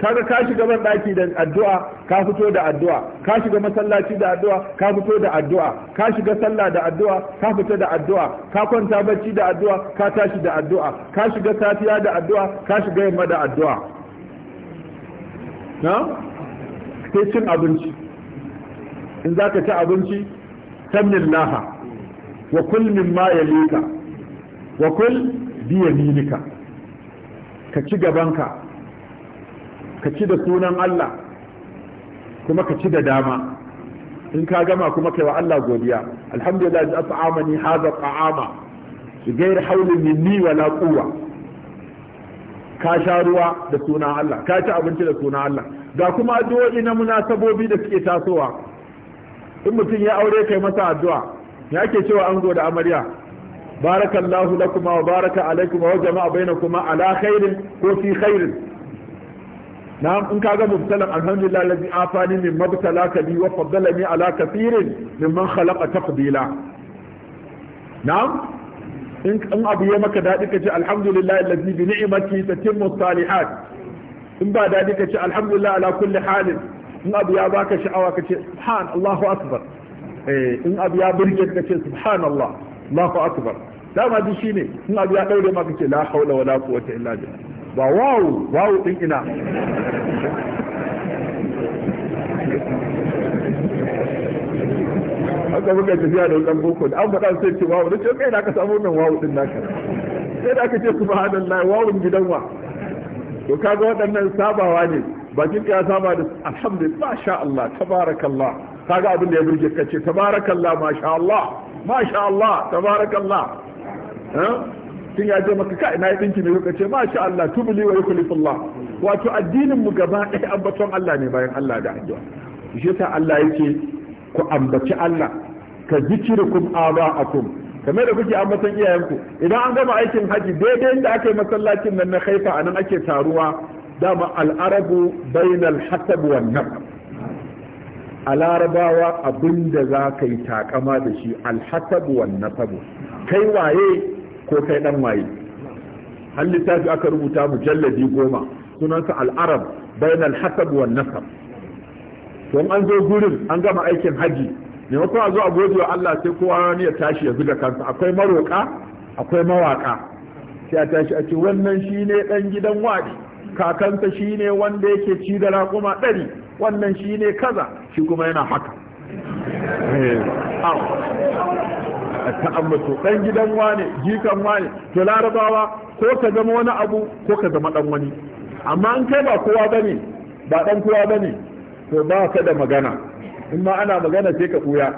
Speaker 1: kaga ka shiga ban daki da addu'a ka fito da addu'a ka shiga masallaci da addu'a ka fito da addu'a ka shiga sallah da addu'a ka fita da addu'a ka kwanta bacci da addu'a ka tashi da addu'a ka shiga safiya da addu'a ka shiga yamma da addu'a na sai cin abinci in za ka ci abinci sannin laha wa ma ya yalika wa kul biyaminika ka ci gabanka ka ci da sunan Allah kuma ka ci da dama in ka gama kuma kai wa Allah godiya alhamdulillah da at'amani hadha ta'ama ghayr hawli minni wala quwwa ka sha ruwa da sunan Allah ka ci abinci da sunan Allah ga kuma addu'o'i na munasabobi da suke tasowa in mutum ya aure kai masa addu'a ya ke cewa ango da amarya barakallahu lakuma wa baraka alaikuma wa jama'a bainakuma ala khairin ko fi khairin na'am in kaga mubtalan alhamdulillah allazi afani min mabtalaka bi wa faddalani ala kathirin mimman khalaqa taqdila na'am in abu ya maka daɗi ka ce alhamdulillah allazi bi ni'mati tatimmu salihat in ba dadi ka ce alhamdulillah ala kulli halin in abu ya baka sha'awa ka ce subhan Allahu akbar in abu ya burge ka ce subhanallah Allahu akbar dama duk shine in abu ya daure maka ce la haula wala quwwata illa billah ba wow wow din ina haka muka tafiya da wajen boko da amma dan sai ce wow da ce kai da ka samu wannan wow din naka sai da aka ce subhanallahi wawun gidan wa to kaga waɗannan sabawa ne bakin ya saba da alhamdulillah sha Allah tabarakallah kaga abin da ya burge ka ce tabarakallah masha Allah masha Allah tabarakallah tun ya je maka kai na yi dinki ne kuka ce masha Allah tubli wa yukhlisullah wato addinin mu gaba ɗaya ambaton Allah ne bayan Allah da addu'a shi ta Allah yake ku ambaci Allah ka zikirkum aba'akum kamar da kuke ambaton iyayenku idan an gama aikin haji daidai da aka masallacin nan na haifa a nan ake taruwa dama al'arabu bainal larabawa za ka yi takama da shi alhasab wan kai waye ko kai dan waye har littafi aka rubuta mujalladi goma sunansa al'arab bainal hasabu wannan nasab don an zo gurin an gama aikin haji maimakon a zo a gode wa Allah sai kowa wani ya tashi ya zuga kansa akwai maroka akwai mawaka sai a tashi a ce wannan shine dan gidan wadi kakansa shine wanda yake ci da raƙuma ɗari wannan shine kaza shi kuma yana haka eh, ta ambato ɗan gidan wane jikan wane to larabawa ko ka zama wani abu ko ka zama ɗan wani amma an kai ba kowa bane ba ɗan kowa bane to ba ka da magana in ma ana magana sai ka ɓuya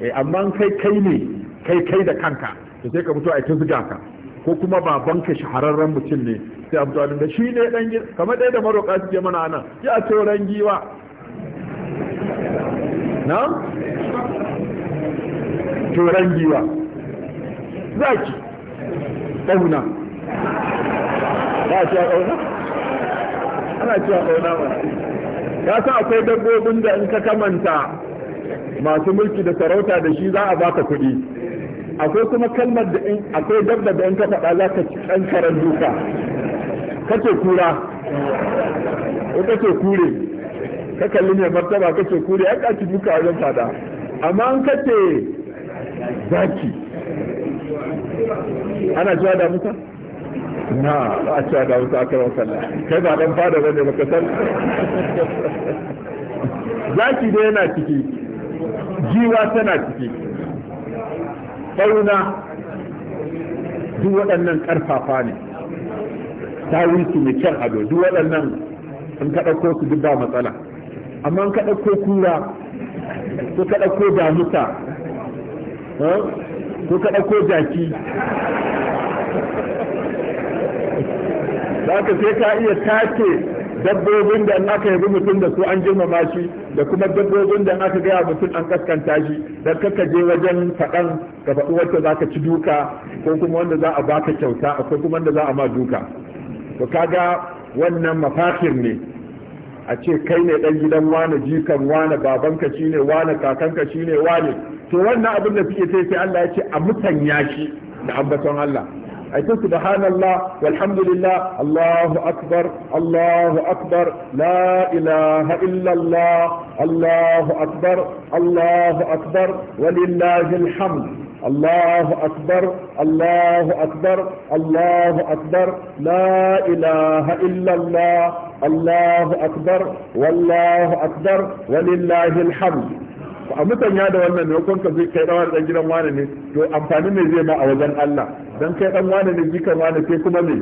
Speaker 1: eh amma kai kai ne kai kai da kanka da sai ka fito a cikin zuga ka ko kuma baban ka shahararren mutum ne sai a fito a shi ne dan kamar ɗaya da maroƙa suke mana ana ya ce ran giwa na'am
Speaker 3: turan giwa zaki ɗauna ba shi
Speaker 1: a ɗauna ana cewa ɗauna ba ya sa akwai dabbobin da in ka kamanta masu mulki da sarauta da shi za a baka kuɗi akwai kuma kalmar da in akwai dabba da in ka faɗa za ka ci ɗan karen duka kace kura ko kace kure ka kalli mai martaba kace kure ya kaci duka wajen fada amma an kace zaki ana cewa da musa na a cewa da wasu aka wa sallah kai ba dan fada bane baka san zaki da yana ciki jiwa tana ciki ɓauna duk waɗannan ƙarfafa ne ta tawilci mai kyan ado duk waɗannan in ka ɗauko su duk ba matsala amma in ka ɗauko kura ko ka ɗauko damusa eh, ko ka ɗauko jaki zaka sai ka iya take dabbobin da aka yabi mutum da su an girmama shi da kuma dabbobin da aka gaya mutum an kaskanta shi dan kaka je wajen faɗan ka faɗi wacce za ka ci duka ko kuma wanda za a baka kyauta akwai kuma wanda za a ma duka to kaga wannan mafakir ne a ce kai ne dan gidan wane jikan wane babanka shine wane kakanka shine wane to wannan abin da suke sai sai Allah ya ce a mutanya shi da ambaton Allah أي سبحان الله والحمد لله الله أكبر الله أكبر لا إله إلا الله الله أكبر الله أكبر ولله الحمد الله أكبر الله أكبر الله أكبر لا إله إلا الله الله أكبر والله أكبر ولله الحمد to a musanya da wannan ne kuma zai kai dan wani gidan wani ne to amfani ne zai ma a wajen Allah dan kai dan wani ne jikan wani sai kuma me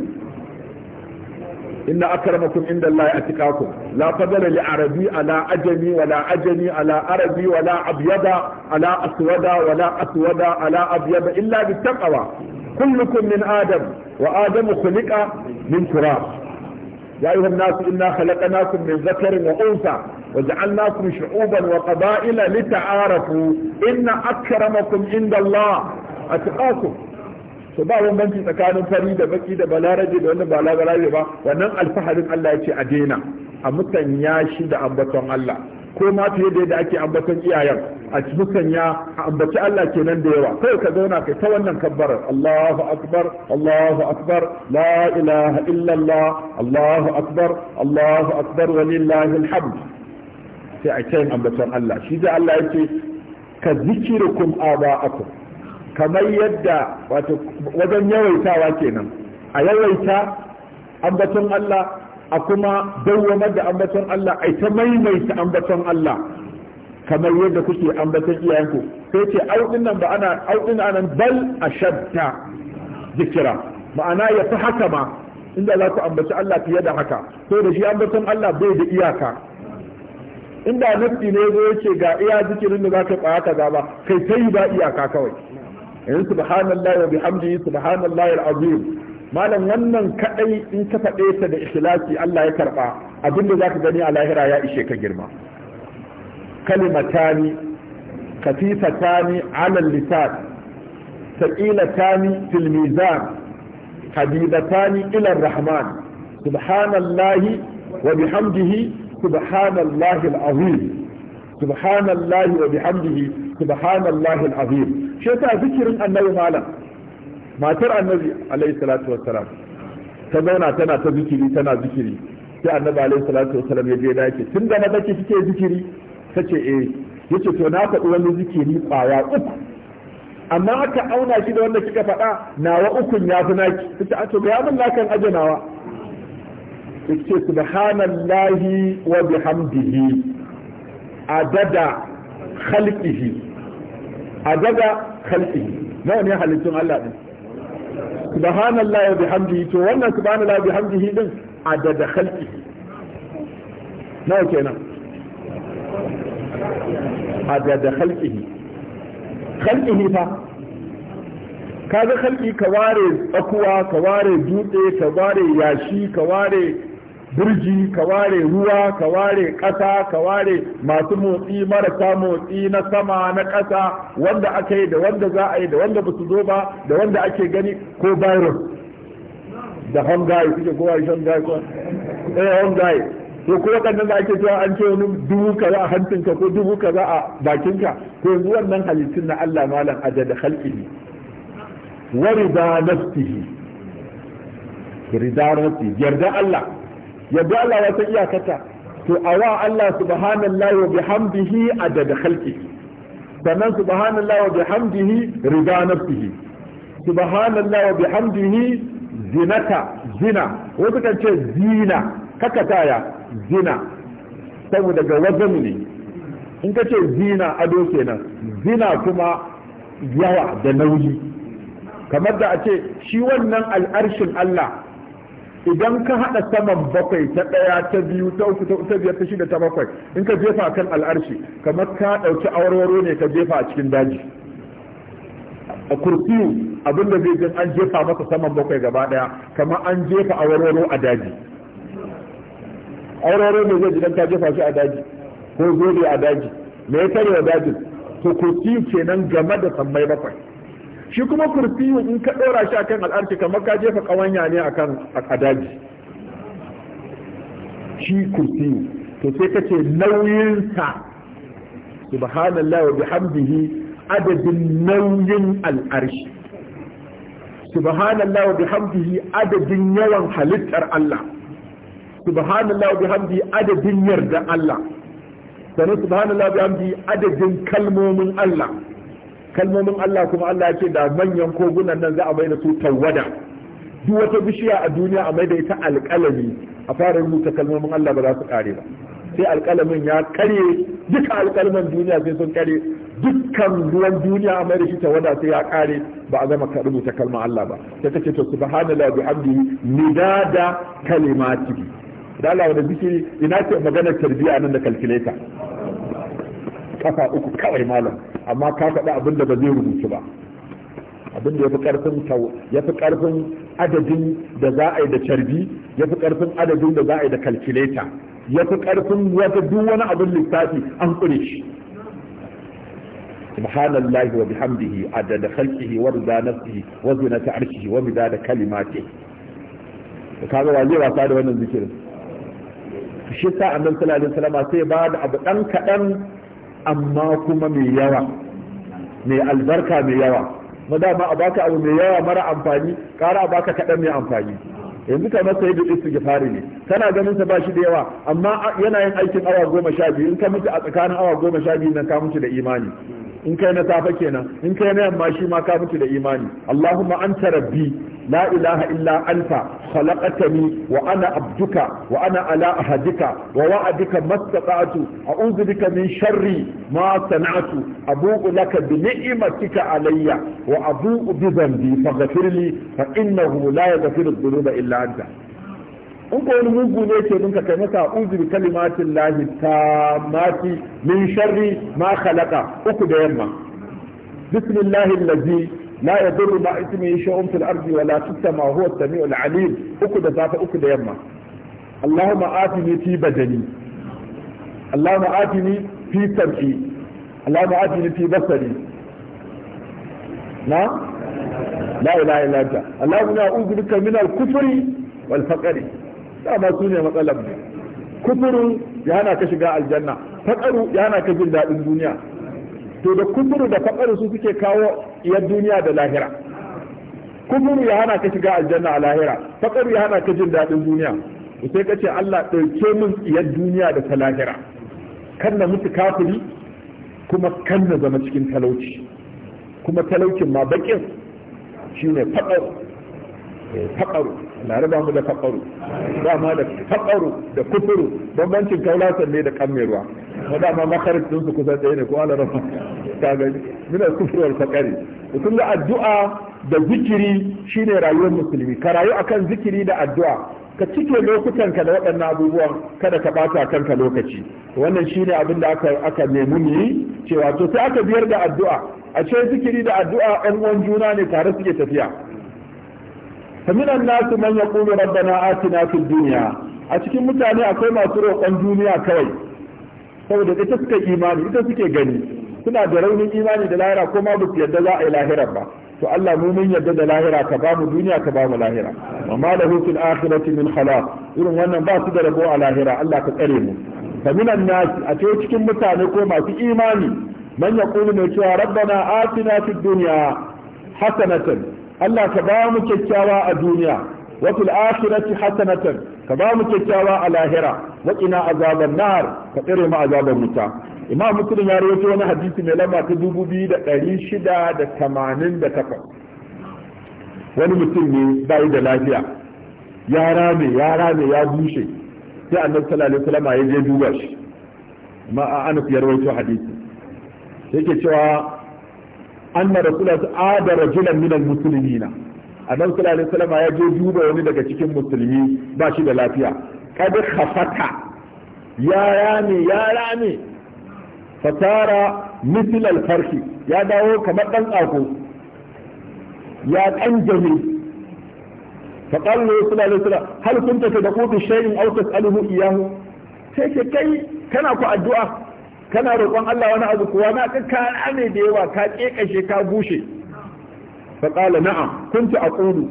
Speaker 1: inna akramakum inda Allah ya atqakum la fadala li arabi ala ajami wala ajami ala arabi wala abyada ala aswada wala aswada ala abyada illa bittaqwa kullukum min adam wa adamu khuliqa min turab ya ayuha an-nas inna khalaqnakum min dhakarin wa untha وجعلناكم شعوبا وقبائل لتعارفوا إن أكرمكم عند الله أتقاكم so ba bambanci tsakanin fari da baki da balaraje da wannan balaraje ba wannan alfaharin Allah ya ce a daina a musanya shi da ambaton Allah ko ma fiye da yadda ake ambaton iyayen a musanya a ambaci Allah kenan da yawa kai ka zauna kai ta wannan kabbarar Allahu akbar Allahu akbar la ilaha illallah Allahu akbar Allahu akbar walillahi alhamd sai a kyan ambaton Allah shi da Allah yake ka zikirukum aba'akum kamar yadda wato wajen yawaitawa kenan a yawaita ambaton Allah a kuma dawwamar da ambaton Allah ai ta maimaita ambaton Allah kamar yadda kuke ambaton iyayenku sai ce au nan ba ana au anan bal ashadda zikira ma'ana ya fi haka ma inda za ku ambaci Allah fiye da haka to da shi ambaton Allah bai da iyaka inda nafi ne zo yake ga iya zikirin da zaka tsaya kaza ba kai ta yi ba iyaka kawai in eh, subhanallahi wa bihamdihi subhanallahi al malam wannan kadai in ka faɗe ta da ikhlasi Allah ya karba abinda zaka gani a lahira ya ishe ka girma kalimatani kafifatani ala lisan thaqilatani fil mizan habibatani ila rahman subhanallahi wa bihamdihi subhanallahi alazim subhanallahi wa bihamdihi subhanallahi alazim shi ta zikirin annabi malam matar annabi alaihi salatu wassalam tana ta zikiri tana zikiri sai annabi alaihi salatu wassalam ya je da yake tun da maza ke kike zikiri tace eh, yace to na faɗi wani zikiri kwaya uku amma aka auna shi da wanda kika faɗa nawa ukun ya fi naki tace a ga mun lakan ajanawa yake subhanallahi wa bihamdihi adada khalqihi adada khalqihi nawa ne halittun Allah din subhanallahi wa bihamdihi to wannan subhanallahi wa bihamdihi din adada khalqihi nawa nan adada khalqihi khalqihi fa kaga khalqi ka ware tsakuwa ka ware dutse ka ware yashi ka ware birji ka ware ruwa ka ware ƙasa ka ware masu motsi marasa motsi na sama na ƙasa wanda aka yi da wanda za a yi da wanda ba su zo ba da wanda ake gani ko virus da hongai suke kowa hongai ko eh hongai to kuma waɗannan da ake cewa an ce wani dubu kaza a hantinka ko dubu kaza a bakinka to yanzu wannan halittun na Allah malam ajada khalqihi wa rida nafsihi rida nafsi yarda Allah yadda Allah ya san iyakarta to a wa Allah subhanallahi wa bihamdihi adada khalqihi sannan subhanallahi wa bihamdihi rida nafsihi subhanallahi wa bihamdihi zinata zina wasu kan ce zina kakataya zina saboda ga wajen ne in ka ce zina ado kenan zina kuma yawa da nauyi kamar da a ce shi wannan al'arshin Allah idan ka haɗa saman bakwai ta ɗaya ta biyu ta uku ta ta biyar ta shida ta bakwai in ka jefa kan al'arshi kamar ka ɗauki awarwaro ne ka jefa a cikin daji a kursiyu abin da zai an jefa masa saman bakwai gaba ɗaya kamar an jefa awarwaro a daji awarwaro ne zai jidan ka jefa shi a daji ko zobe a daji me ya karewa dajin to kursiyu kenan game da sammai bakwai shi kuma kursiyu in ka ɗora shi akan al'arshi kamar ka jefa ƙawanya ne akan adaji shi kursiyu to sai ka ce nauyinsa subhanallah wa bihamdihi adadin nauyin al'arshi subhanallah wa bihamdihi adadin yawan halittar Allah subhanallah wa bihamdihi adadin yarda Allah sannan subhanallah wa bihamdihi adadin kalmomin Allah kalmomin Allah kuma Allah ya ce da manyan kogunan nan za a mai da su tawada duk wata bishiya a duniya a mai ita alƙalami a fara rubuta kalmomin Allah ba za su kare ba sai alƙalamin ya kare duka alƙalman duniya sai sun kare dukkan ruwan duniya a maida da shi tawada sai ya kare ba a zama rubuta kalmar Allah ba sai ta ce to subhanallahi bihamdihi nidada kalimatihi da Allah wanda bishiri ina ce magana tarbiyya nan da calculator kafa uku kawai malam amma ka faɗi abin da ba zai rubutu ba abin da ya fi karfin ya fi ƙarfin adadin da za a yi da carbi ya fi ƙarfin adadin da za a yi da kalkileta ya fi ƙarfin wata duk wani abin lissafi an kure shi subhanallahi wa bihamdihi adada khalqihi wa rida nafsihi wa zinata arshihi wa kalimatihi kaga wa wasa da wannan zikirin shi sa annabi sallallahu alaihi wasallam sai ba da abu dan kadan amma kuma mai yawa mai albarka mai yawa ma a baka abu mai yawa mara amfani kara a baka kaɗan mai amfani yanzu kamar yi da fari ne kana ganin sa bashi da yawa amma yana yin aikin awa goma sha biyu in ka mutu a tsakanin awa goma sha biyu nan ka mutu da imani in kai na safa kenan in kai na yamma shi ma ka mutu da imani Allahumma anta rabbi la ilaha illa anta khalaqtani wa ana abduka wa ana ala ahadika wa wa'adika mastata'tu a'udhu bika min sharri ma sana'tu abu'u laka bi ni'matika alayya wa abu'u bi dhanbi faghfirli fa innahu la yaghfiru dhunuba illa anta in ko wani mugu ne ke ninka kai masa uzu bi kalimatin lahi tamati min sharri ma khalaqa uku da yamma bismillahi allazi la yadurru ma ismihi shay'un fil ardi wa la fis sama huwa as-sami'ul alim uku da safa uku da yamma allahumma atini fi badani allahumma atini fi sam'i allahumma atini fi basari na la ilaha illa anta allahumma a'udhu min dama su ne matsalar ne. kuburu ya hana ka shiga aljanna faɗaru ya hana ka jin daɗin duniya to da kuburu da faɗaru su suke kawo iyar duniya da lahira kuburu ya hana ka shiga aljanna a lahira faɗaru ya hana ka jin daɗin duniya sai ka ce Allah ɗauke min iyar duniya da ta lahira kan na mutu kafiri kuma kan na zama cikin talauci kuma talaucin ma bakin shi ne faɗaru. Eh, la raba mu da faƙaru ba ma da faƙaru da kufuru bambancin kaulasan ne da kammeruwa ma dama sun su kusa ɗaya ne ko ala rafa ta gani mina kufurwar faƙari kun da addu'a da zikiri shine rayuwar musulmi ka rayu akan zikiri da addu'a ka cike lokutan ka da waɗannan abubuwan kada ka ɓata kanka lokaci wannan shine abin da aka aka nemi mu cewa to sai aka biyar da addu'a a ce zikiri da addu'a ɗan uwan juna ne tare suke tafiya faminan nasu man yaqulu rabbana atina fid duniya a cikin mutane akwai masu roƙon duniya kawai saboda ita suka imani ita suke gani suna da raunin imani da lahira ko ma ba su yadda za a yi lahira ba to Allah mu mun yadda da lahira ka ba mu duniya ka ba mu lahira amma da fil akhirati min khalaq irin wannan ba su da rabo a lahira Allah ka tsare mu fa minan a ce cikin mutane ko masu imani man yaqulu mai cewa rabbana atina fid duniya hasanatan Allah ka ba mu kyakkyawa a duniya wa fil akhirati hasanatan ka ba mu kyakkyawa a lahira wa qina azaban nar ka tsare mu azaban wuta Imam Muslim ya rawaito wani hadisi mai lamba ta 2688 wani mutum ne bai da lafiya ya rame ya rame ya bushe sai annabi sallallahu alaihi wasallam ya je duba shi ma Anas ya rawaito hadisi yake cewa anna rasulullah ada rajulan min almuslimina annabi sallallahu alaihi wasallam ya je duba wani daga cikin musulmi ba shi da lafiya kad khafata ya rame ya rame fatara mithl alfarki ya dawo kamar dan tsako ya kanjame فقال له صلى الله عليه وسلم هل كنت تدعو بشيء او تساله اياه sai ce kai kana ku addu'a kana roƙon Allah wani abu kuwa na ka ka da yawa ka ƙeƙashe ka bushe fa qala na'am kuntu aqulu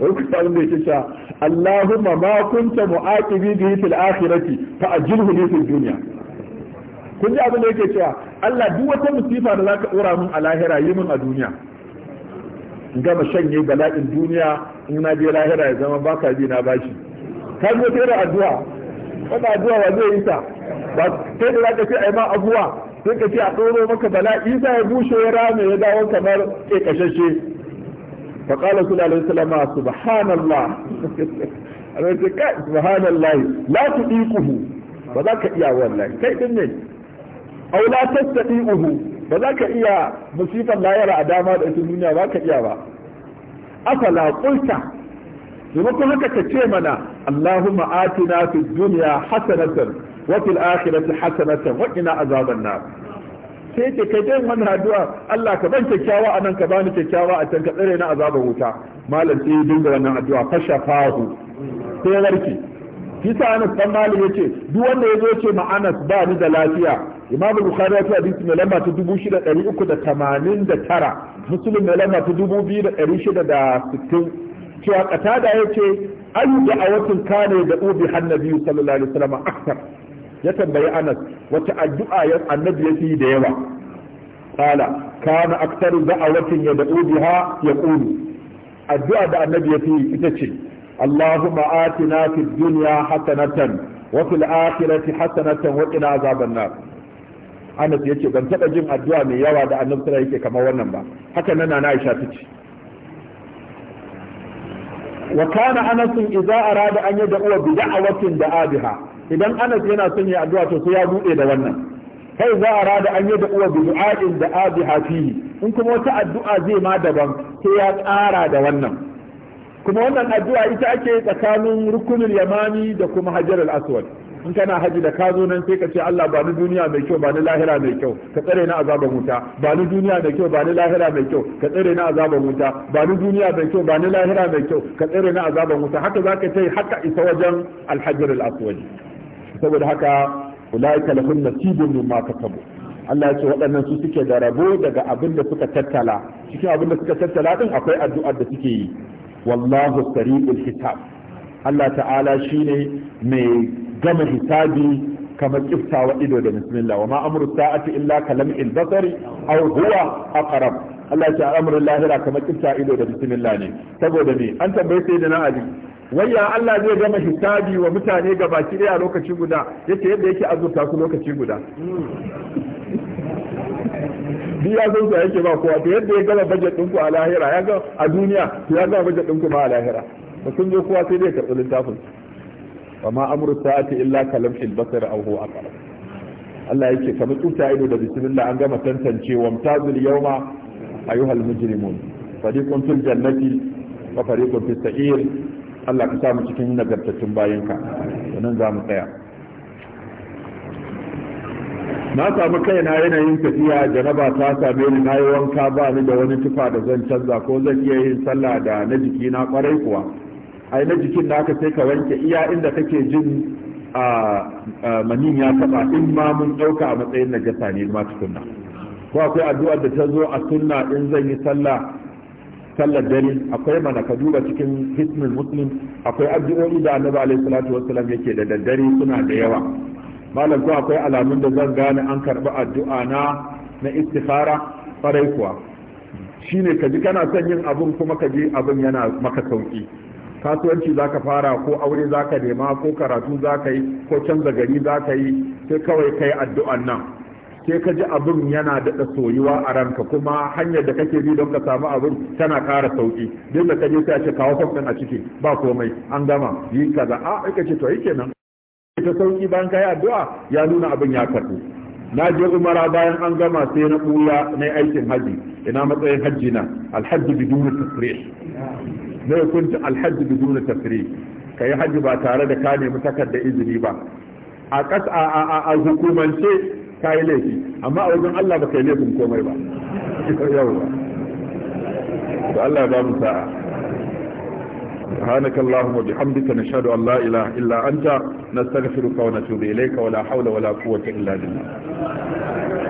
Speaker 1: wai ku ta wanda yake cewa Allahumma ma kunta mu'aqibi bi fil akhirati fa ajilhu li fil dunya kun ji abin da yake cewa Allah duk wata musifa da zaka dora min a lahira yi min a duniya in gama shanye bala'in duniya in na je lahira ya zama baka bi na bashi ka yi tare addu'a wannan addu'a wa zai yi ta ba sai da zaka ce ai ma abuwa sai ka ce a tsoro maka bala'i sai ya bushe ya rame ya dawo kamar ke kashashe fa qala sallallahu alaihi salama subhanallah (laughs) ana ce kai subhanallah la tudiquhu ba za ka iya wallahi kai din ne aw la tastati'uhu ba za ka iya musifan layara a dama da ita duniya ba ka iya ba afala qulta domin haka ka ce mana Allahumma atina fi dunya hasanatan wa fil akhirati hasanatan wa qina azaban sai ce kai dai wannan addu'a Allah ka ban kyakkyawa anan ka bani kyakkyawa a can ka tsare na azabar wuta malam sai dinga wannan addu'a fasha fahu sai warke kisa Anas dan Malik yace duk wanda ya zo ce ma Anas ba ni da lafiya Imam Bukhari ya ce hadisi mai lamba ta 6389 Muslim mai lamba ta 2660 cewa da yace an da awatin kane da ubi hannabi sallallahu alaihi wasallam akthar ya tambayi anas wata addu'a ya annabi ya yi da yawa qala kana aktaru da'awatin yad'u biha yaqulu addu'a da annabi ya yi ita ce اللهم آتنا في الدنيا حسنة وفي الآخرة حسنة وقنا عذاب النار Anas ya ce ban taɓa jin addu'a mai yawa da annabi sallallahu yake kamar wannan ba haka nan na Aisha tace wa kana Anas idza arada an yad'a bi da'awatin da abiha idan anas yana son ya addu'a to sai ya bude da wannan kai za a rada an yi da uwa bi du'a'in da abi hafihi in kuma wata addu'a zai ma daban sai ya kara da wannan kuma wannan addu'a ita ake tsakanin rukunin yamani da kuma hajar al-aswad in kana haji da kazo nan sai ka ce Allah ba ni duniya mai kyau ba ni lahira mai kyau ka tsare ni azaban wuta ba ni duniya mai kyau ba ni lahira mai kyau ka tsare ni azaban wuta ba ni duniya mai kyau ba ni lahira mai kyau ka tsare ni azaban wuta haka zaka ce haka isa wajen al-hajar al-aswad saboda haka ulaika lahum nasibun mimma kasabu Allah ya ce waɗannan su suke da rabo daga abin da suka tattala cikin abin da suka tattala din akwai addu'ar da suke yi wallahu sari'ul hisab Allah ta'ala shine mai gama hisabi kamar kiftawa ido da bismillah wa ma amru sa'ati illa kalam'il basari aw huwa aqrab Allah ya ce al'amarin lahira kamar kifta ido da bismillah ne saboda me an tambaye sai da na aji. wayya Allah zai gama hisabi wa mutane ga baki daya lokaci guda yace yadda yake azurta su lokaci guda Bi ya san yake ba kowa to yadda ya gama bajet ku a lahira ya ga a duniya to ya gama bajet ɗinku ba a lahira to kun je kowa sai dai karɓi littafin wa ma amru sa'ati illa kalamhil basar aw huwa aqrab Allah yake kamar tsuta ido da bismillah an gama tantance wa mtazil yawma ayyuhal mujrimun fariqun fil jannati wa fariqun fis sa'ir Allah ka samu cikin nagartattun bayanka nan za mu tsaya na samu kaina yanayin tafiya janaba ta same ni na yi wanka ba ni da wani tufa da zan canza ko zan iya yin sallah da na jiki na kwarai kuwa ai na jikin na ka sai ka wanke iya inda kake jin a manin ya taba in ma mun dauka a matsayin nagarta ne ma tukunna ko akwai addu'ar da ta zo a sunna in zan yi sallah sallar dare akwai mana ka duba cikin hitmin muslim akwai addu'o'i da annabi alaihi salatu wassalam yake da daddare suna da yawa malam ko akwai alamun da zan gane an karbi addu'a na na istikhara farai kuwa shine ka ji kana son yin abun kuma ka ji abun yana maka sauki kasuwanci zaka fara ko aure zaka nema ko karatu zaka yi ko canza gari zaka yi sai kawai kai addu'an nan sai ka ji abin yana daɗa soyuwa a ranka kuma hanyar da kake bi don ka samu abin tana ƙara sauƙi duk da ka je sai a ce kawo fom a ciki ba komai an gama yi kaza a ka ce to yi kenan ta sauƙi bayan ka yi addu'a ya nuna abin ya karɓu na je umara bayan an gama sai na ɓuya na aikin haji, ina matsayin hajji na alhaji bidun tasrih na hukunci alhaji bidun tasrih ka yi hajji ba tare da ka nemi takardar izini ba a hukumance ka yi laifi amma a wajen Allah ba ka yi laifin komai ba yawwa to Allah ya ba mu sa'a سبحانك اللهم وبحمدك نشهد أن لا إله إلا أنت نستغفرك ونتوب إليك ولا حول ولا قوة إلا بالله